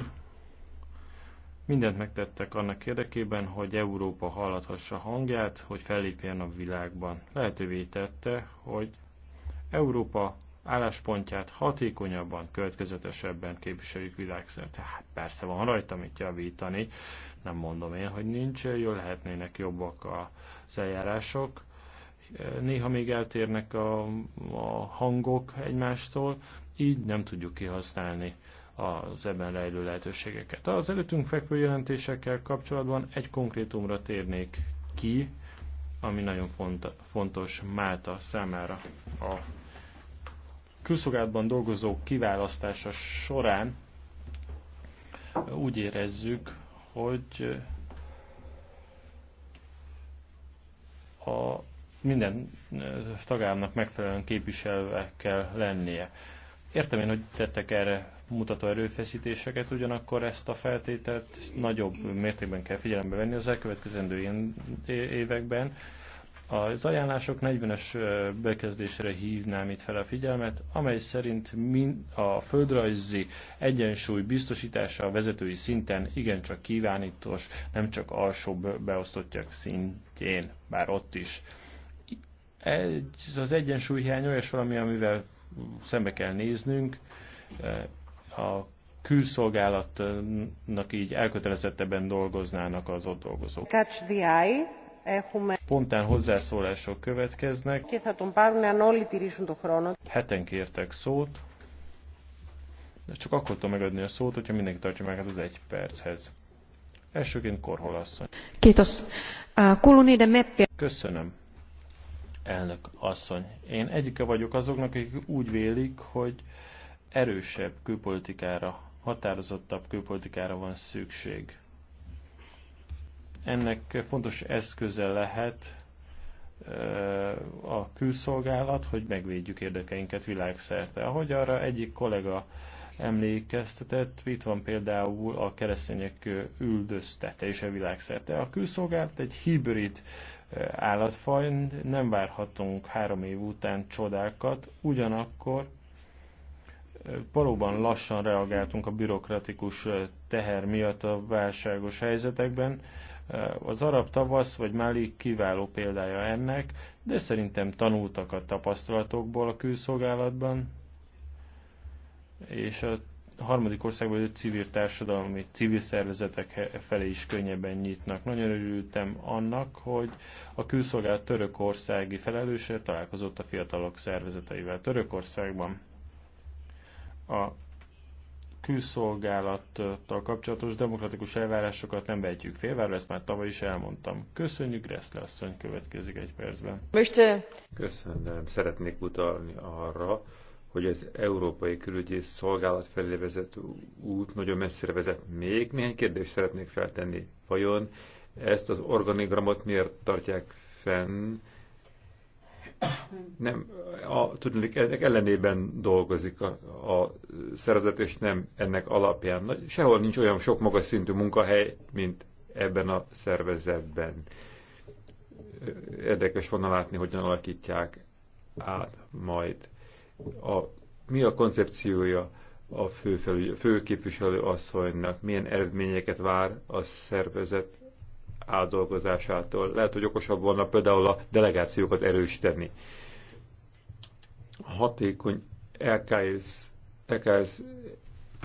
S1: Mindent megtettek annak érdekében, hogy Európa hallathassa hangját, hogy fellépjen a világban. Lehetővé tette, hogy Európa álláspontját hatékonyabban, következetesebben képviseljük világszerte. Hát persze van rajta mit javítani, nem mondom én, hogy nincs, jól lehetnének jobbak az eljárások. Néha még eltérnek a, a hangok egymástól, így nem tudjuk kihasználni az ebben rejlő lehetőségeket. Az előttünk fekvő jelentésekkel kapcsolatban egy konkrétumra térnék ki, ami nagyon font, fontos Málta számára. A külszolgálatban dolgozók kiválasztása során úgy érezzük, hogy a minden tagállamnak megfelelően képviselve kell lennie. Értem én, hogy tettek erre mutató erőfeszítéseket, ugyanakkor ezt a feltételt nagyobb mértékben kell figyelembe venni az elkövetkezendő években. Az ajánlások 40-es bekezdésre hívnám itt fel a figyelmet, amely szerint a földrajzi egyensúly biztosítása a vezetői szinten igencsak kívánítós, nem csak alsóbb beosztottjak szintjén, bár ott is. Ez az egyensúlyhiány olyas valami, amivel szembe kell néznünk, a külszolgálatnak így elkötelezettebben dolgoznának az ott dolgozók. Catch the eye. Spontán hozzászólások következnek. Heten kértek szót. De csak akkor tudom megadni a szót, hogyha mindenki tartja meg az egy perchez. Elsőként Korhol asszony. Köszönöm. Elnök asszony. Én egyike vagyok azoknak, akik úgy vélik, hogy erősebb külpolitikára, határozottabb külpolitikára van szükség. Ennek fontos eszköze lehet a külszolgálat, hogy megvédjük érdekeinket világszerte. Ahogy arra egyik kollega emlékeztetett, itt van például a keresztények üldöztetése világszerte. A külszolgálat egy hibrid állatfaj, nem várhatunk három év után csodákat, ugyanakkor valóban lassan reagáltunk a bürokratikus teher miatt a válságos helyzetekben. Az arab tavasz vagy Mali kiváló példája ennek, de szerintem tanultak a tapasztalatokból a külszolgálatban, és a harmadik országban a civil társadalmi, civil szervezetek felé is könnyebben nyitnak. Nagyon örültem annak, hogy a külszolgálat törökországi felelőse találkozott a fiatalok szervezeteivel Törökországban a külszolgálattal kapcsolatos demokratikus elvárásokat nem vehetjük félvára, ezt már tavaly is elmondtam. Köszönjük, Reszle asszony következik egy percben. Most...
S3: Köszönöm, szeretnék utalni arra, hogy az Európai Külügyi Szolgálat felé vezető út nagyon messzire vezet. Még néhány kérdést szeretnék feltenni. Vajon ezt az organigramot miért tartják fenn, nem, a, tudnék, ennek ellenében dolgozik a, a szerzet, és nem ennek alapján. Sehol nincs olyan sok magas szintű munkahely, mint ebben a szervezetben. Érdekes volna látni, hogyan alakítják át majd. A, mi a koncepciója a fő, fő képviselő asszonynak? Milyen eredményeket vár a szervezet átdolgozásától. Lehet, hogy okosabb volna például a delegációkat erősíteni. A hatékony LKS, LKS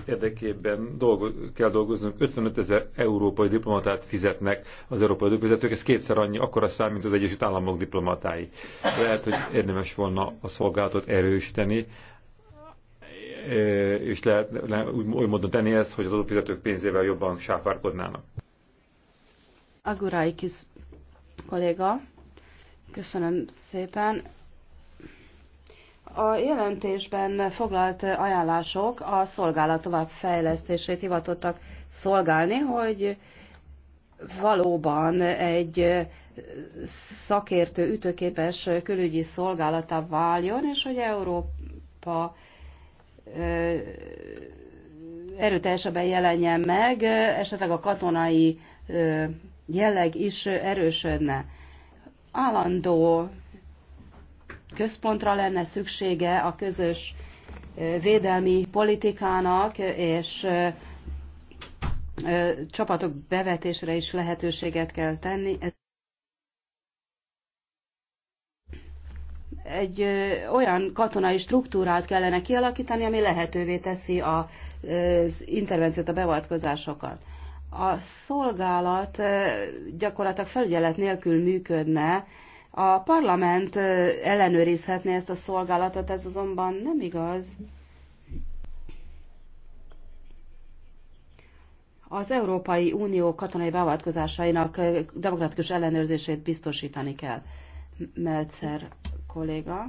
S3: érdekében dolgo, kell dolgoznunk. 55 ezer európai diplomatát fizetnek az európai vezetők, ez kétszer annyi, akkora szám, mint az Egyesült Államok diplomatái. Lehet, hogy érdemes volna a szolgálatot erősíteni, és lehet, lehet úgy, úgy módon tenni ezt, hogy az adófizetők pénzével jobban sáfárkodnának.
S2: Aguraikis kolléga, köszönöm szépen. A jelentésben foglalt ajánlások a szolgálat továbbfejlesztését hivatottak szolgálni, hogy valóban egy szakértő ütőképes külügyi szolgálata váljon, és hogy Európa erőteljesebben jelenjen meg, esetleg a katonai jelleg is erősödne. Állandó központra lenne szüksége a közös védelmi politikának, és csapatok bevetésre is lehetőséget kell tenni. Egy olyan katonai struktúrát kellene kialakítani, ami lehetővé teszi az intervenciót, a beavatkozásokat a szolgálat gyakorlatilag felügyelet nélkül működne, a parlament ellenőrizhetné ezt a szolgálatot, ez azonban nem igaz. Az Európai Unió katonai beavatkozásainak demokratikus ellenőrzését biztosítani kell. Meltzer kolléga.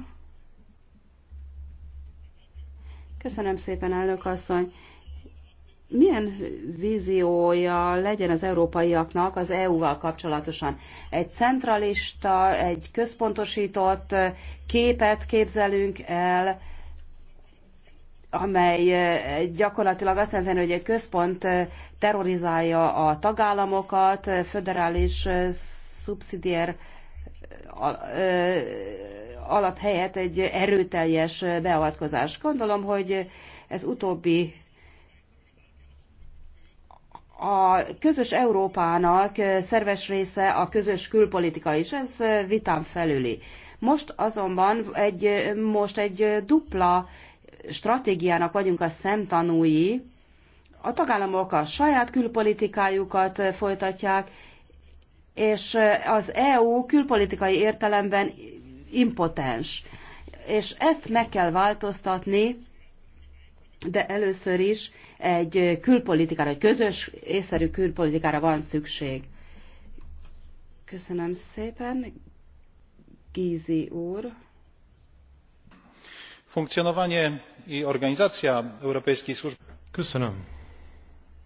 S2: Köszönöm szépen, elnök asszony milyen víziója legyen az európaiaknak az EU-val kapcsolatosan. Egy centralista, egy központosított képet képzelünk el, amely eh, gyakorlatilag azt jelenti, hogy egy központ eh, terrorizálja a tagállamokat, eh, föderális szubszidiér alap helyett egy erőteljes beavatkozás. Gondolom, hogy ez utóbbi a közös Európának szerves része a közös külpolitika is, ez vitán felüli. Most azonban egy, most egy dupla stratégiának vagyunk a szemtanúi. A tagállamok a saját külpolitikájukat folytatják, és az EU külpolitikai értelemben impotens. És ezt meg kell változtatni, de először is egy külpolitikára, egy közös észszerű külpolitikára van szükség. Köszönöm szépen.
S1: Gizi úr. Funkcionowanie
S3: i organizacja Europejskiej Służby.
S1: Köszönöm.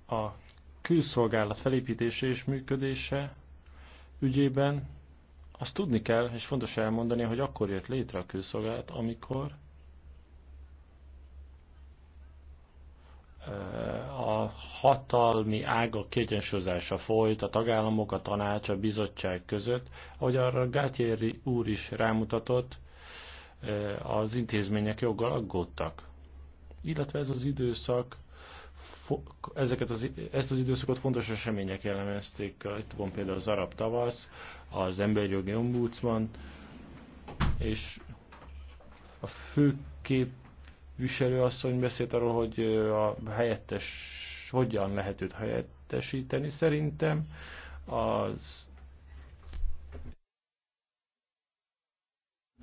S1: A külszolgálat felépítése és működése ügyében azt tudni kell, és fontos elmondani, hogy akkor jött létre a külszolgálat, amikor a hatalmi ágak kiegyensúlyozása folyt a tagállamok, a tanács, a bizottság között. Ahogy arra Gátyéri úr is rámutatott, az intézmények joggal aggódtak. Illetve ez az időszak, ezeket az, ezt az időszakot fontos események jellemezték. Itt van például az arab tavasz, az emberjogi ombudsman, és a fő viselőasszony beszélt arról, hogy a helyettes, hogyan lehet őt helyettesíteni szerintem. Az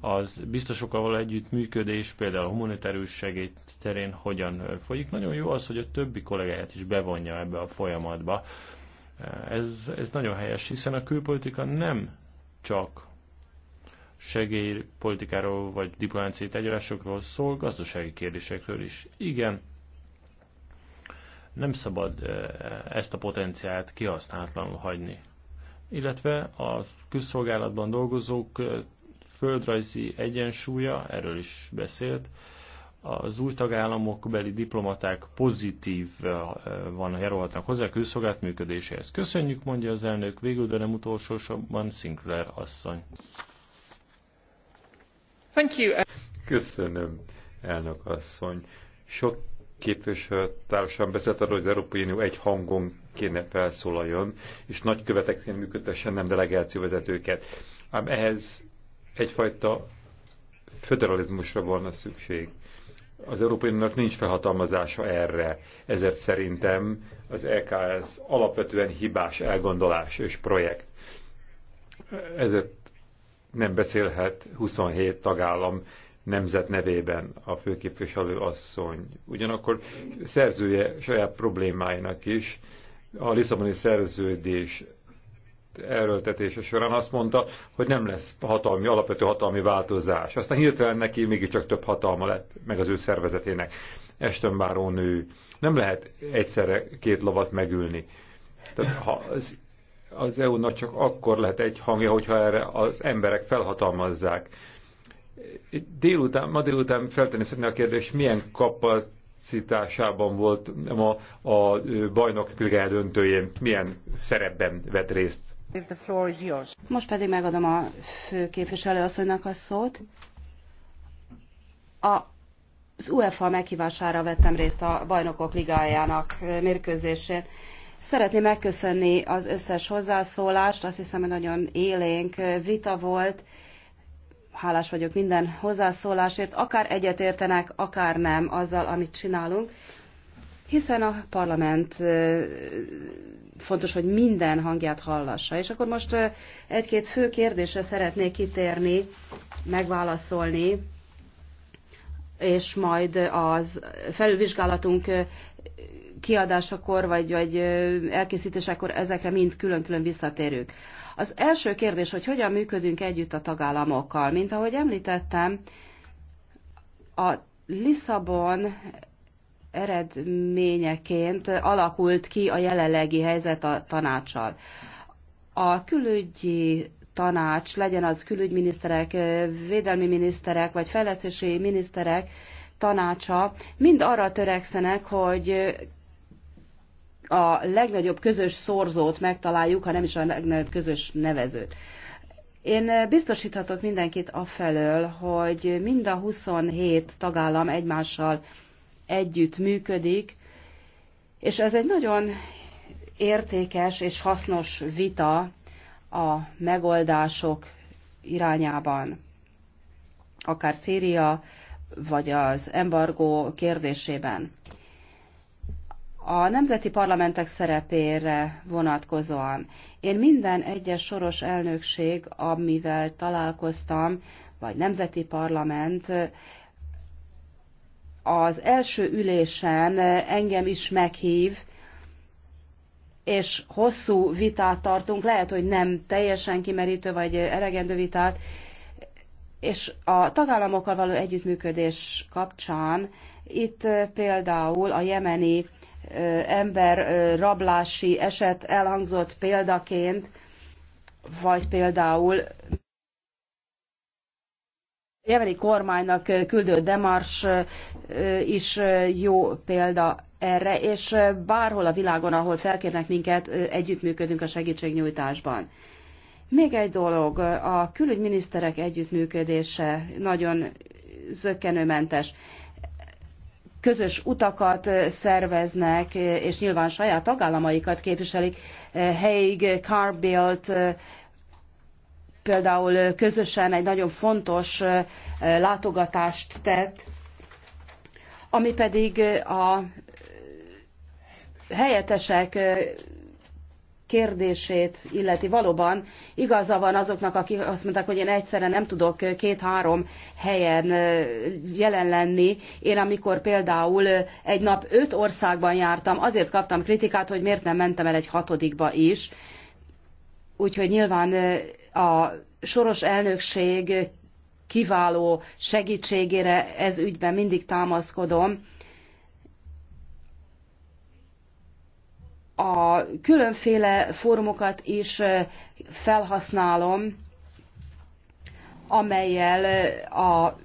S1: az biztosokkal való együttműködés, például a humanitárius segít terén hogyan folyik. Nagyon jó az, hogy a többi kollégáját is bevonja ebbe a folyamatba. Ez, ez nagyon helyes, hiszen a külpolitika nem csak segélypolitikáról vagy diplomáciai tegyelásokról szól, gazdasági kérdésekről is. Igen, nem szabad eh, ezt a potenciált kihasználatlanul hagyni. Illetve a közszolgálatban dolgozók eh, földrajzi egyensúlya, erről is beszélt, az új tagállamok beli diplomaták pozitív eh, van járulhatnak hozzá a külszolgált működéséhez. Köszönjük, mondja az elnök, végül, de nem utolsósabban Sinclair asszony. Thank you. Köszönöm, elnök
S3: asszony. Sok képviselőtársam beszélt arról, hogy az Európai Unió egy hangon kéne felszólaljon, és nagy kéne működtessen, nem vezetőket. Ám ehhez egyfajta föderalizmusra volna szükség. Az Európai Uniónak nincs felhatalmazása erre, ezért szerintem az EKS alapvetően hibás elgondolás és projekt. Ezért nem beszélhet 27 tagállam nemzet nevében a főképviselő asszony. Ugyanakkor szerzője saját problémáinak is a Lisszaboni szerződés erőltetése során azt mondta, hogy nem lesz hatalmi, alapvető hatalmi változás. Aztán hirtelen neki mégiscsak több hatalma lett, meg az ő szervezetének. Estönbáró nő. Nem lehet egyszerre két lovat megülni. Tehát ha az az EU-nak csak akkor lehet egy hangja, hogyha erre az emberek felhatalmazzák. Délután, ma délután feltenném szeretném a kérdést, milyen kapacitásában volt ma a bajnok ligája döntőjén, milyen szerepben vett részt?
S2: Most pedig megadom a fő képviselőasszonynak a szót. A az UEFA meghívására vettem részt a Bajnokok Ligájának mérkőzésén. Szeretném megköszönni az összes hozzászólást, azt hiszem, hogy nagyon élénk vita volt. Hálás vagyok minden hozzászólásért, akár egyetértenek, akár nem azzal, amit csinálunk, hiszen a parlament fontos, hogy minden hangját hallassa. És akkor most egy-két fő kérdésre szeretnék kitérni, megválaszolni, és majd az felülvizsgálatunk kiadásakor vagy, vagy elkészítésekor ezekre mind külön-külön visszatérünk. Az első kérdés, hogy hogyan működünk együtt a tagállamokkal. Mint ahogy említettem, a Lisszabon eredményeként alakult ki a jelenlegi helyzet a tanácsal. A külügyi tanács, legyen az külügyminiszterek, védelmi miniszterek vagy fejlesztési miniszterek tanácsa, mind arra törekszenek, hogy a legnagyobb közös szorzót megtaláljuk, ha nem is a legnagyobb közös nevezőt. Én biztosíthatok mindenkit afelől, hogy mind a 27 tagállam egymással együtt működik, és ez egy nagyon értékes és hasznos vita a megoldások irányában. Akár Szíria, vagy az embargó kérdésében a nemzeti parlamentek szerepére vonatkozóan. Én minden egyes soros elnökség, amivel találkoztam, vagy nemzeti parlament, az első ülésen engem is meghív, és hosszú vitát tartunk, lehet, hogy nem teljesen kimerítő vagy elegendő vitát, és a tagállamokkal való együttműködés kapcsán itt például a jemeni ember rablási eset elhangzott példaként, vagy például jemeni kormánynak küldött demars is jó példa erre, és bárhol a világon, ahol felkérnek minket, együttműködünk a segítségnyújtásban. Még egy dolog, a külügyminiszterek együttműködése nagyon zöggenőmentes közös utakat szerveznek, és nyilván saját tagállamaikat képviselik. Haig, Carbilt, például közösen egy nagyon fontos látogatást tett, ami pedig a helyettesek kérdését illeti valóban igaza van azoknak, akik azt mondták, hogy én egyszerre nem tudok két-három helyen jelen lenni. Én amikor például egy nap öt országban jártam, azért kaptam kritikát, hogy miért nem mentem el egy hatodikba is. Úgyhogy nyilván a soros elnökség kiváló segítségére ez ügyben mindig támaszkodom a különféle fórumokat is felhasználom, amelyel a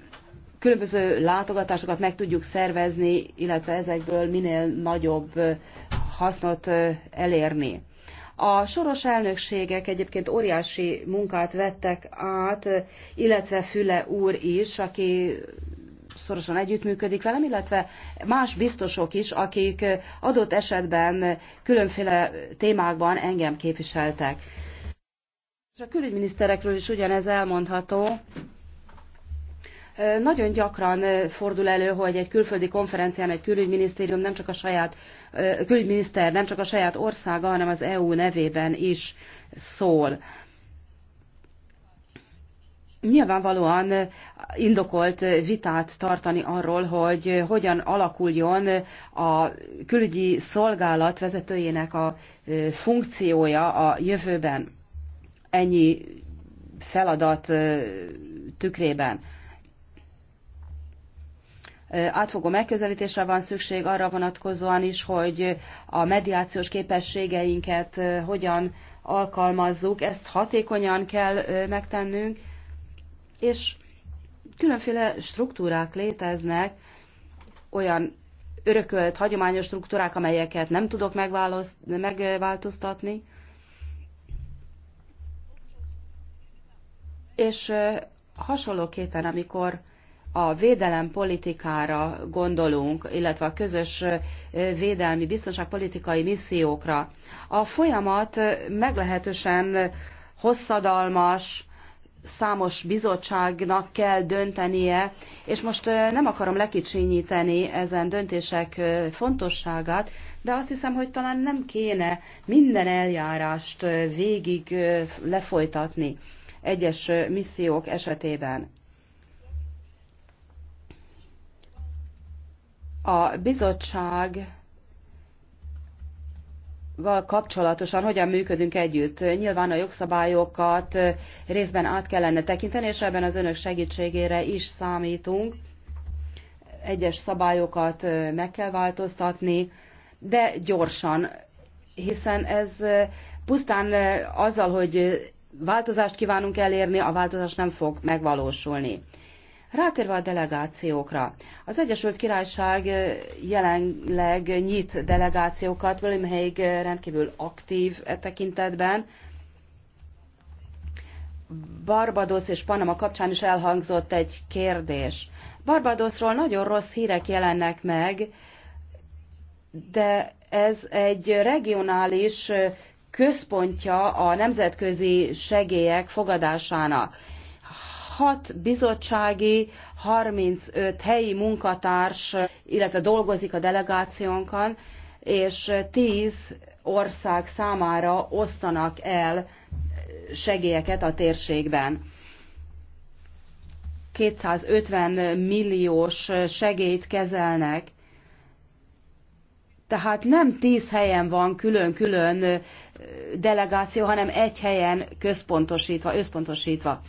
S2: különböző látogatásokat meg tudjuk szervezni, illetve ezekből minél nagyobb hasznot elérni. A soros elnökségek egyébként óriási munkát vettek át, illetve Füle úr is, aki szorosan együttműködik velem, illetve más biztosok is, akik eh, adott esetben különféle témákban engem képviseltek. És a külügyminiszterekről is ugyanez elmondható. Eh, nagyon gyakran eh, fordul elő, hogy egy külföldi konferencián egy külügyminisztérium nem csak a saját, külügyminiszter nem csak a saját országa, hanem az EU nevében is szól nyilvánvalóan indokolt vitát tartani arról, hogy hogyan alakuljon a külügyi szolgálat vezetőjének a funkciója a jövőben. Ennyi feladat tükrében. Átfogó megközelítésre van szükség arra vonatkozóan is, hogy a mediációs képességeinket hogyan alkalmazzuk, ezt hatékonyan kell megtennünk, és különféle struktúrák léteznek, olyan örökölt, hagyományos struktúrák, amelyeket nem tudok megváltoztatni. És hasonlóképpen, amikor a védelem politikára gondolunk, illetve a közös védelmi biztonságpolitikai missziókra, a folyamat meglehetősen hosszadalmas, számos bizottságnak kell döntenie, és most nem akarom lekicsinyíteni ezen döntések fontosságát, de azt hiszem, hogy talán nem kéne minden eljárást végig lefolytatni egyes missziók esetében. A bizottság kapcsolatosan hogyan működünk együtt. Nyilván a jogszabályokat részben át kellene tekinteni, és ebben az önök segítségére is számítunk. Egyes szabályokat meg kell változtatni, de gyorsan, hiszen ez pusztán azzal, hogy változást kívánunk elérni, a változás nem fog megvalósulni. Rátérve a delegációkra. Az Egyesült Királyság jelenleg nyit delegációkat, William Hague rendkívül aktív e tekintetben. Barbados és Panama kapcsán is elhangzott egy kérdés. Barbadosról nagyon rossz hírek jelennek meg, de ez egy regionális központja a nemzetközi segélyek fogadásának 6 bizottsági, 35 helyi munkatárs, illetve dolgozik a delegációnkon, és 10 ország számára osztanak el segélyeket a térségben. 250 milliós segélyt kezelnek. Tehát nem tíz helyen van külön-külön delegáció, hanem egy helyen központosítva, összpontosítva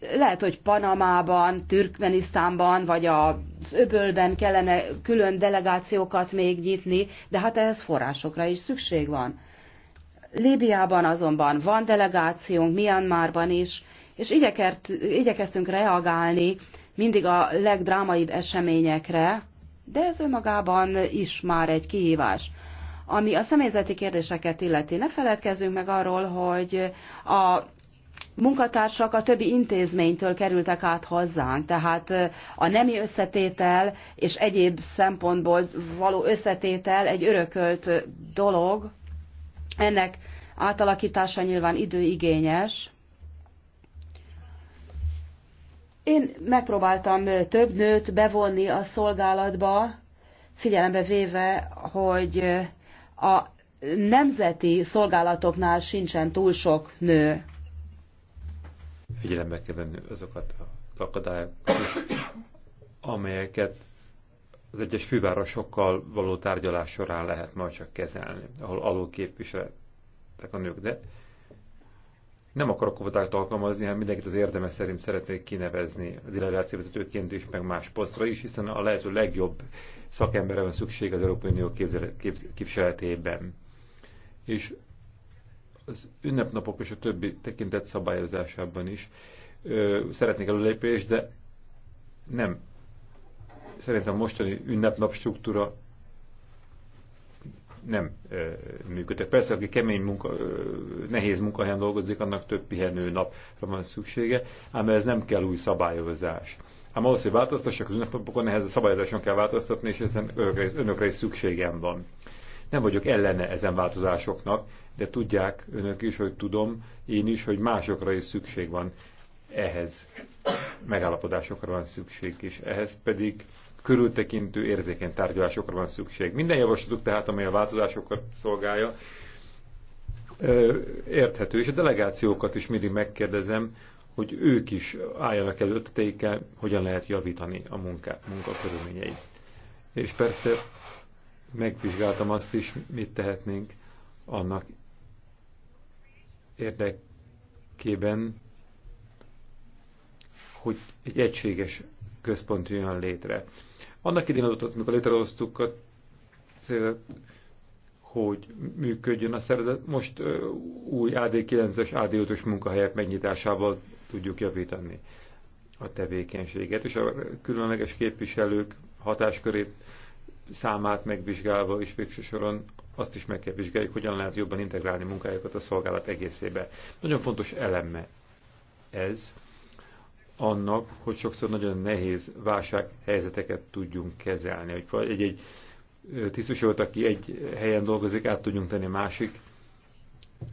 S2: lehet, hogy Panamában, Türkmenisztánban vagy az öbölben kellene külön delegációkat még nyitni, de hát ehhez forrásokra is szükség van. Líbiában azonban van delegációnk, Myanmarban is, és igyekert, igyekeztünk reagálni mindig a legdrámaibb eseményekre, de ez önmagában is már egy kihívás. Ami a személyzeti kérdéseket illeti, ne feledkezzünk meg arról, hogy a munkatársak a többi intézménytől kerültek át hozzánk, tehát a nemi összetétel és egyéb szempontból való összetétel egy örökölt dolog, ennek átalakítása nyilván időigényes. Én megpróbáltam több nőt bevonni a szolgálatba, figyelembe véve, hogy a nemzeti szolgálatoknál sincsen túl sok nő
S3: figyelembe kell venni azokat a akadályokat, amelyeket az egyes fővárosokkal való tárgyalás során lehet majd csak kezelni, ahol alulképviseltek a nők. De nem akarok kvotát alkalmazni, hanem hát mindenkit az érdeme szerint szeretnék kinevezni a delegációvezetőként is, meg más posztra is, hiszen a lehető legjobb szakemberre van szükség az Európai Unió képviseletében. És az ünnepnapok és a többi tekintet szabályozásában is szeretnék előlépést, de nem. Szerintem mostani ünnepnap struktúra nem e, működik. Persze, aki kemény munka, e, nehéz munkahelyen dolgozik, annak több pihenő napra van szüksége, ám ez nem kell új szabályozás. Ám ahhoz, hogy változtassak az ünnepnapokon, ehhez a szabályozáson kell változtatni, és ezen önökre, önökre is szükségem van. Nem vagyok ellene ezen változásoknak, de tudják önök is, hogy tudom, én is, hogy másokra is szükség van ehhez. Megállapodásokra van szükség, és ehhez pedig körültekintő, érzékeny tárgyalásokra van szükség. Minden javaslatuk tehát, amely a változásokat szolgálja, érthető, és a delegációkat is mindig megkérdezem, hogy ők is álljanak elő hogyan lehet javítani a munkát, munkakörülményeit. És persze megvizsgáltam azt is, mit tehetnénk annak érdekében, hogy egy egységes központ jön létre. Annak idén adott, amikor létrehoztuk a célt, hogy működjön a szervezet, most új AD9-es, AD5-ös munkahelyek megnyitásával tudjuk javítani a tevékenységet, és a különleges képviselők hatáskörét számát megvizsgálva és végső soron azt is meg kell vizsgáljuk, hogyan lehet jobban integrálni munkájukat a szolgálat egészébe. Nagyon fontos eleme ez annak, hogy sokszor nagyon nehéz válsághelyzeteket tudjunk kezelni. Hogy egy-egy volt, aki egy helyen dolgozik, át tudjunk tenni másik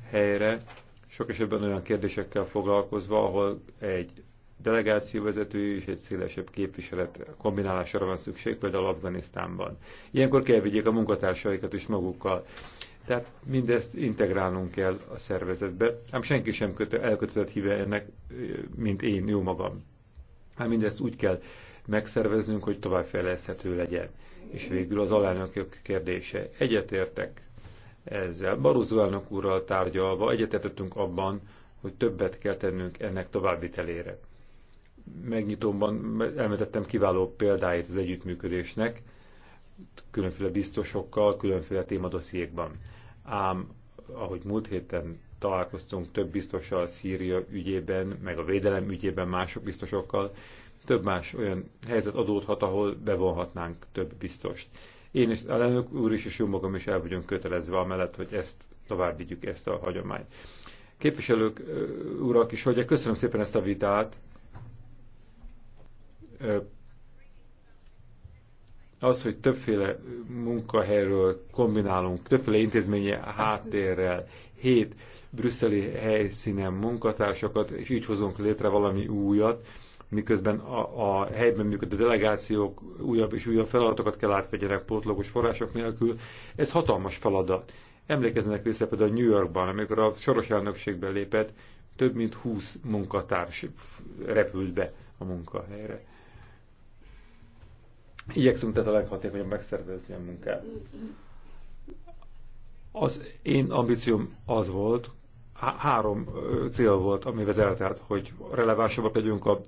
S3: helyre, sok esetben olyan kérdésekkel foglalkozva, ahol egy delegáció vezetői és egy szélesebb képviselet kombinálására van szükség, például Afganisztánban. Ilyenkor kell vigyék a munkatársaikat is magukkal. Tehát mindezt integrálnunk kell a szervezetbe. Ám senki sem köte, elkötelezett híve ennek, mint én, jó magam. Ám mindezt úgy kell megszerveznünk, hogy továbbfejleszthető legyen. És végül az alelnökök kérdése. Egyetértek ezzel. Baruzó elnök úrral tárgyalva egyetértettünk abban, hogy többet kell tennünk ennek továbbvitelére megnyitóban elmetettem kiváló példáit az együttműködésnek, különféle biztosokkal, különféle témadossziékban. Ám, ahogy múlt héten találkoztunk több biztossal Szíria ügyében, meg a védelem ügyében mások biztosokkal, több más olyan helyzet adódhat, ahol bevonhatnánk több biztost. Én és elnök úr is, és jó magam is el vagyunk kötelezve amellett, hogy ezt tovább vigyük, ezt a hagyományt. Képviselők, urak is, hogy köszönöm szépen ezt a vitát, az, hogy többféle munkahelyről kombinálunk, többféle intézménye háttérrel, hét brüsszeli helyszínen munkatársakat, és így hozunk létre valami újat, miközben a, a helyben működő delegációk újabb és újabb feladatokat kell átvegyenek pótlagos források nélkül. Ez hatalmas feladat. Emlékeznek vissza például New Yorkban, amikor a soros elnökségbe lépett, több mint 20 munkatárs repült be a munkahelyre. Igyekszünk tehát a leghatékonyabb megszervezni a munkát. Az én ambícióm az volt, három cél volt, ami vezetett tehát, hogy relevánsabbak legyünk a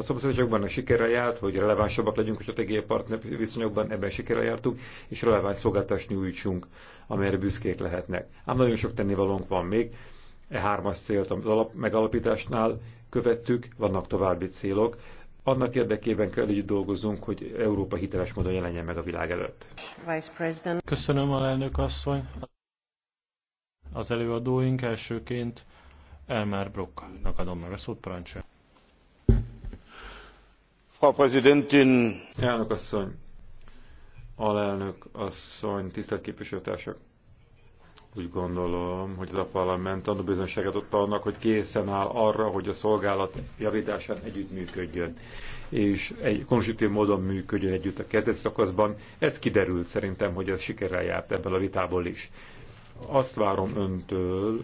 S3: szomszédságban, a sikerrel járt, hogy relevánsabbak legyünk a stratégiai partner viszonyokban, ebben sikerrel jártunk, és releváns szolgáltást nyújtsunk, amelyre büszkék lehetnek. Ám nagyon sok tennivalónk van még, e hármas célt az alap, megalapításnál követtük, vannak további célok, annak érdekében kell együtt dolgozunk, hogy Európa hiteles módon jelenjen meg a világ előtt.
S1: Köszönöm a elnök asszony. Az előadóink elsőként Elmer Brocknak adom meg a szót, parancsa. Frau Präsidentin!
S3: Elnök asszony, alelnök asszony, tisztelt képviselőtársak! Úgy gondolom, hogy ez a parlament bizonyságot adta annak, hogy készen áll arra, hogy a szolgálat javításán együttműködjön és egy konstruktív módon működjön együtt a kezdet szakaszban. Ez kiderült szerintem, hogy ez sikerrel járt ebből a vitából is. Azt várom öntől,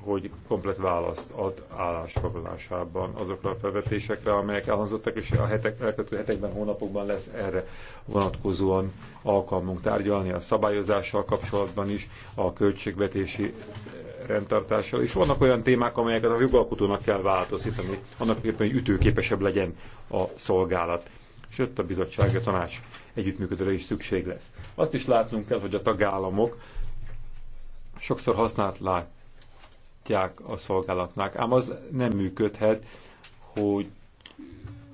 S3: hogy komplet választ ad állásfoglalásában azokra a felvetésekre, amelyek elhangzottak, és a hetek, elkötő hetekben, hónapokban lesz erre vonatkozóan alkalmunk tárgyalni a szabályozással kapcsolatban is, a költségvetési eh, rendtartással. És vannak olyan témák, amelyeket a jogalkotónak kell változtatni, annak éppen, hogy ütőképesebb legyen a szolgálat sőt a bizottság, a tanács együttműködőre is szükség lesz. Azt is látnunk kell, hogy a tagállamok sokszor használt lát, tartják a szolgálatnak. Ám az nem működhet, hogy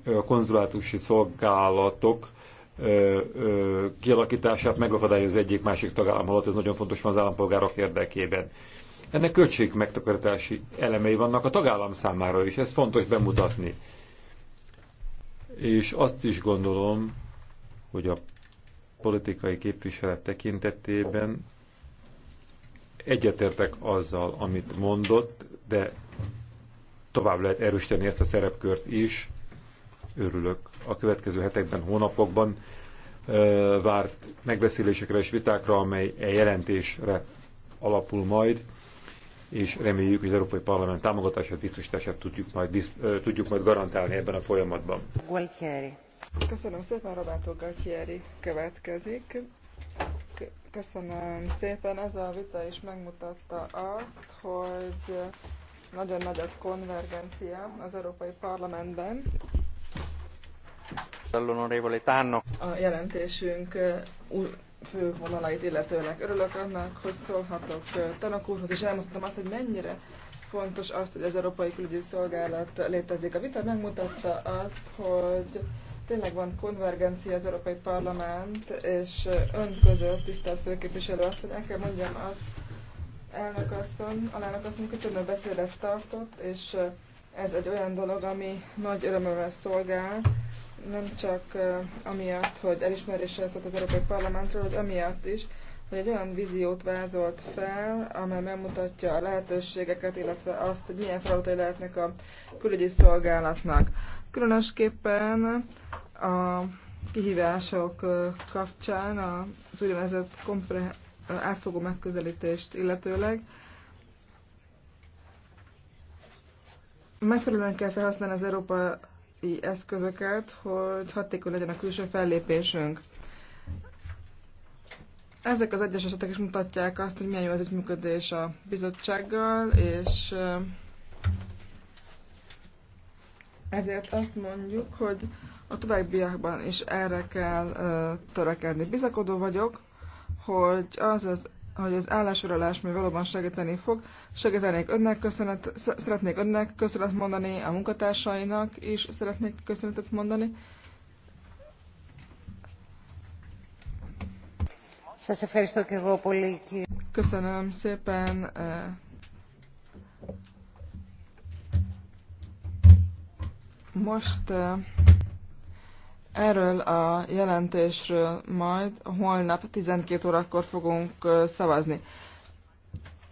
S3: a konzulátusi szolgálatok ö, ö, kialakítását megakadályoz egyik másik tagállam alatt, ez nagyon fontos van az állampolgárok érdekében. Ennek megtakarítási elemei vannak a tagállam számára is, ez fontos bemutatni. És azt is gondolom, hogy a politikai képviselet tekintetében Egyetértek azzal, amit mondott, de tovább lehet erősíteni ezt a szerepkört is. Örülök. A következő hetekben, hónapokban várt megbeszélésekre és vitákra, amely e jelentésre alapul majd, és reméljük, hogy az Európai Parlament támogatását, biztosítását tudjuk majd, bizt, tudjuk majd garantálni ebben a folyamatban.
S2: Gualtieri.
S4: Köszönöm szépen, Robert Galtieri következik. Köszönöm szépen. Ez a vita is megmutatta azt, hogy nagyon nagy a konvergencia az Európai Parlamentben. A jelentésünk uh, fő vonalait illetőleg örülök annak, hogy szólhatok uh, Tanok úrhoz, és elmondtam azt, hogy mennyire fontos azt, hogy az Európai Külügyi Szolgálat létezik. A vita megmutatta azt, hogy tényleg van konvergencia az Európai Parlament és ön között, tisztelt főképviselő asszony, el kell mondjam azt, elnök asszony, alelnök asszony, hogy több beszédet tartott, és ez egy olyan dolog, ami nagy örömömre szolgál, nem csak amiatt, hogy elismerésre szólt az Európai Parlamentről, hogy amiatt is, hogy egy olyan víziót vázolt fel, amely megmutatja a lehetőségeket, illetve azt, hogy milyen feladatai lehetnek a külügyi szolgálatnak. Különösképpen a kihívások kapcsán az úgynevezett kompre, átfogó megközelítést illetőleg megfelelően kell felhasználni az európai eszközöket, hogy hatékony legyen a külső fellépésünk. Ezek az egyes esetek is mutatják azt, hogy milyen jó az működés a bizottsággal, és ezért azt mondjuk, hogy a továbbiakban is erre kell uh, törekedni. Bizakodó vagyok, hogy az az hogy az állásuralás mi valóban segíteni fog. Segítenék önnek köszönet, szeretnék önnek köszönet mondani, a munkatársainak is szeretnék köszönetet mondani. Köszönöm szépen Most erről a jelentésről majd holnap 12 órakor fogunk szavazni.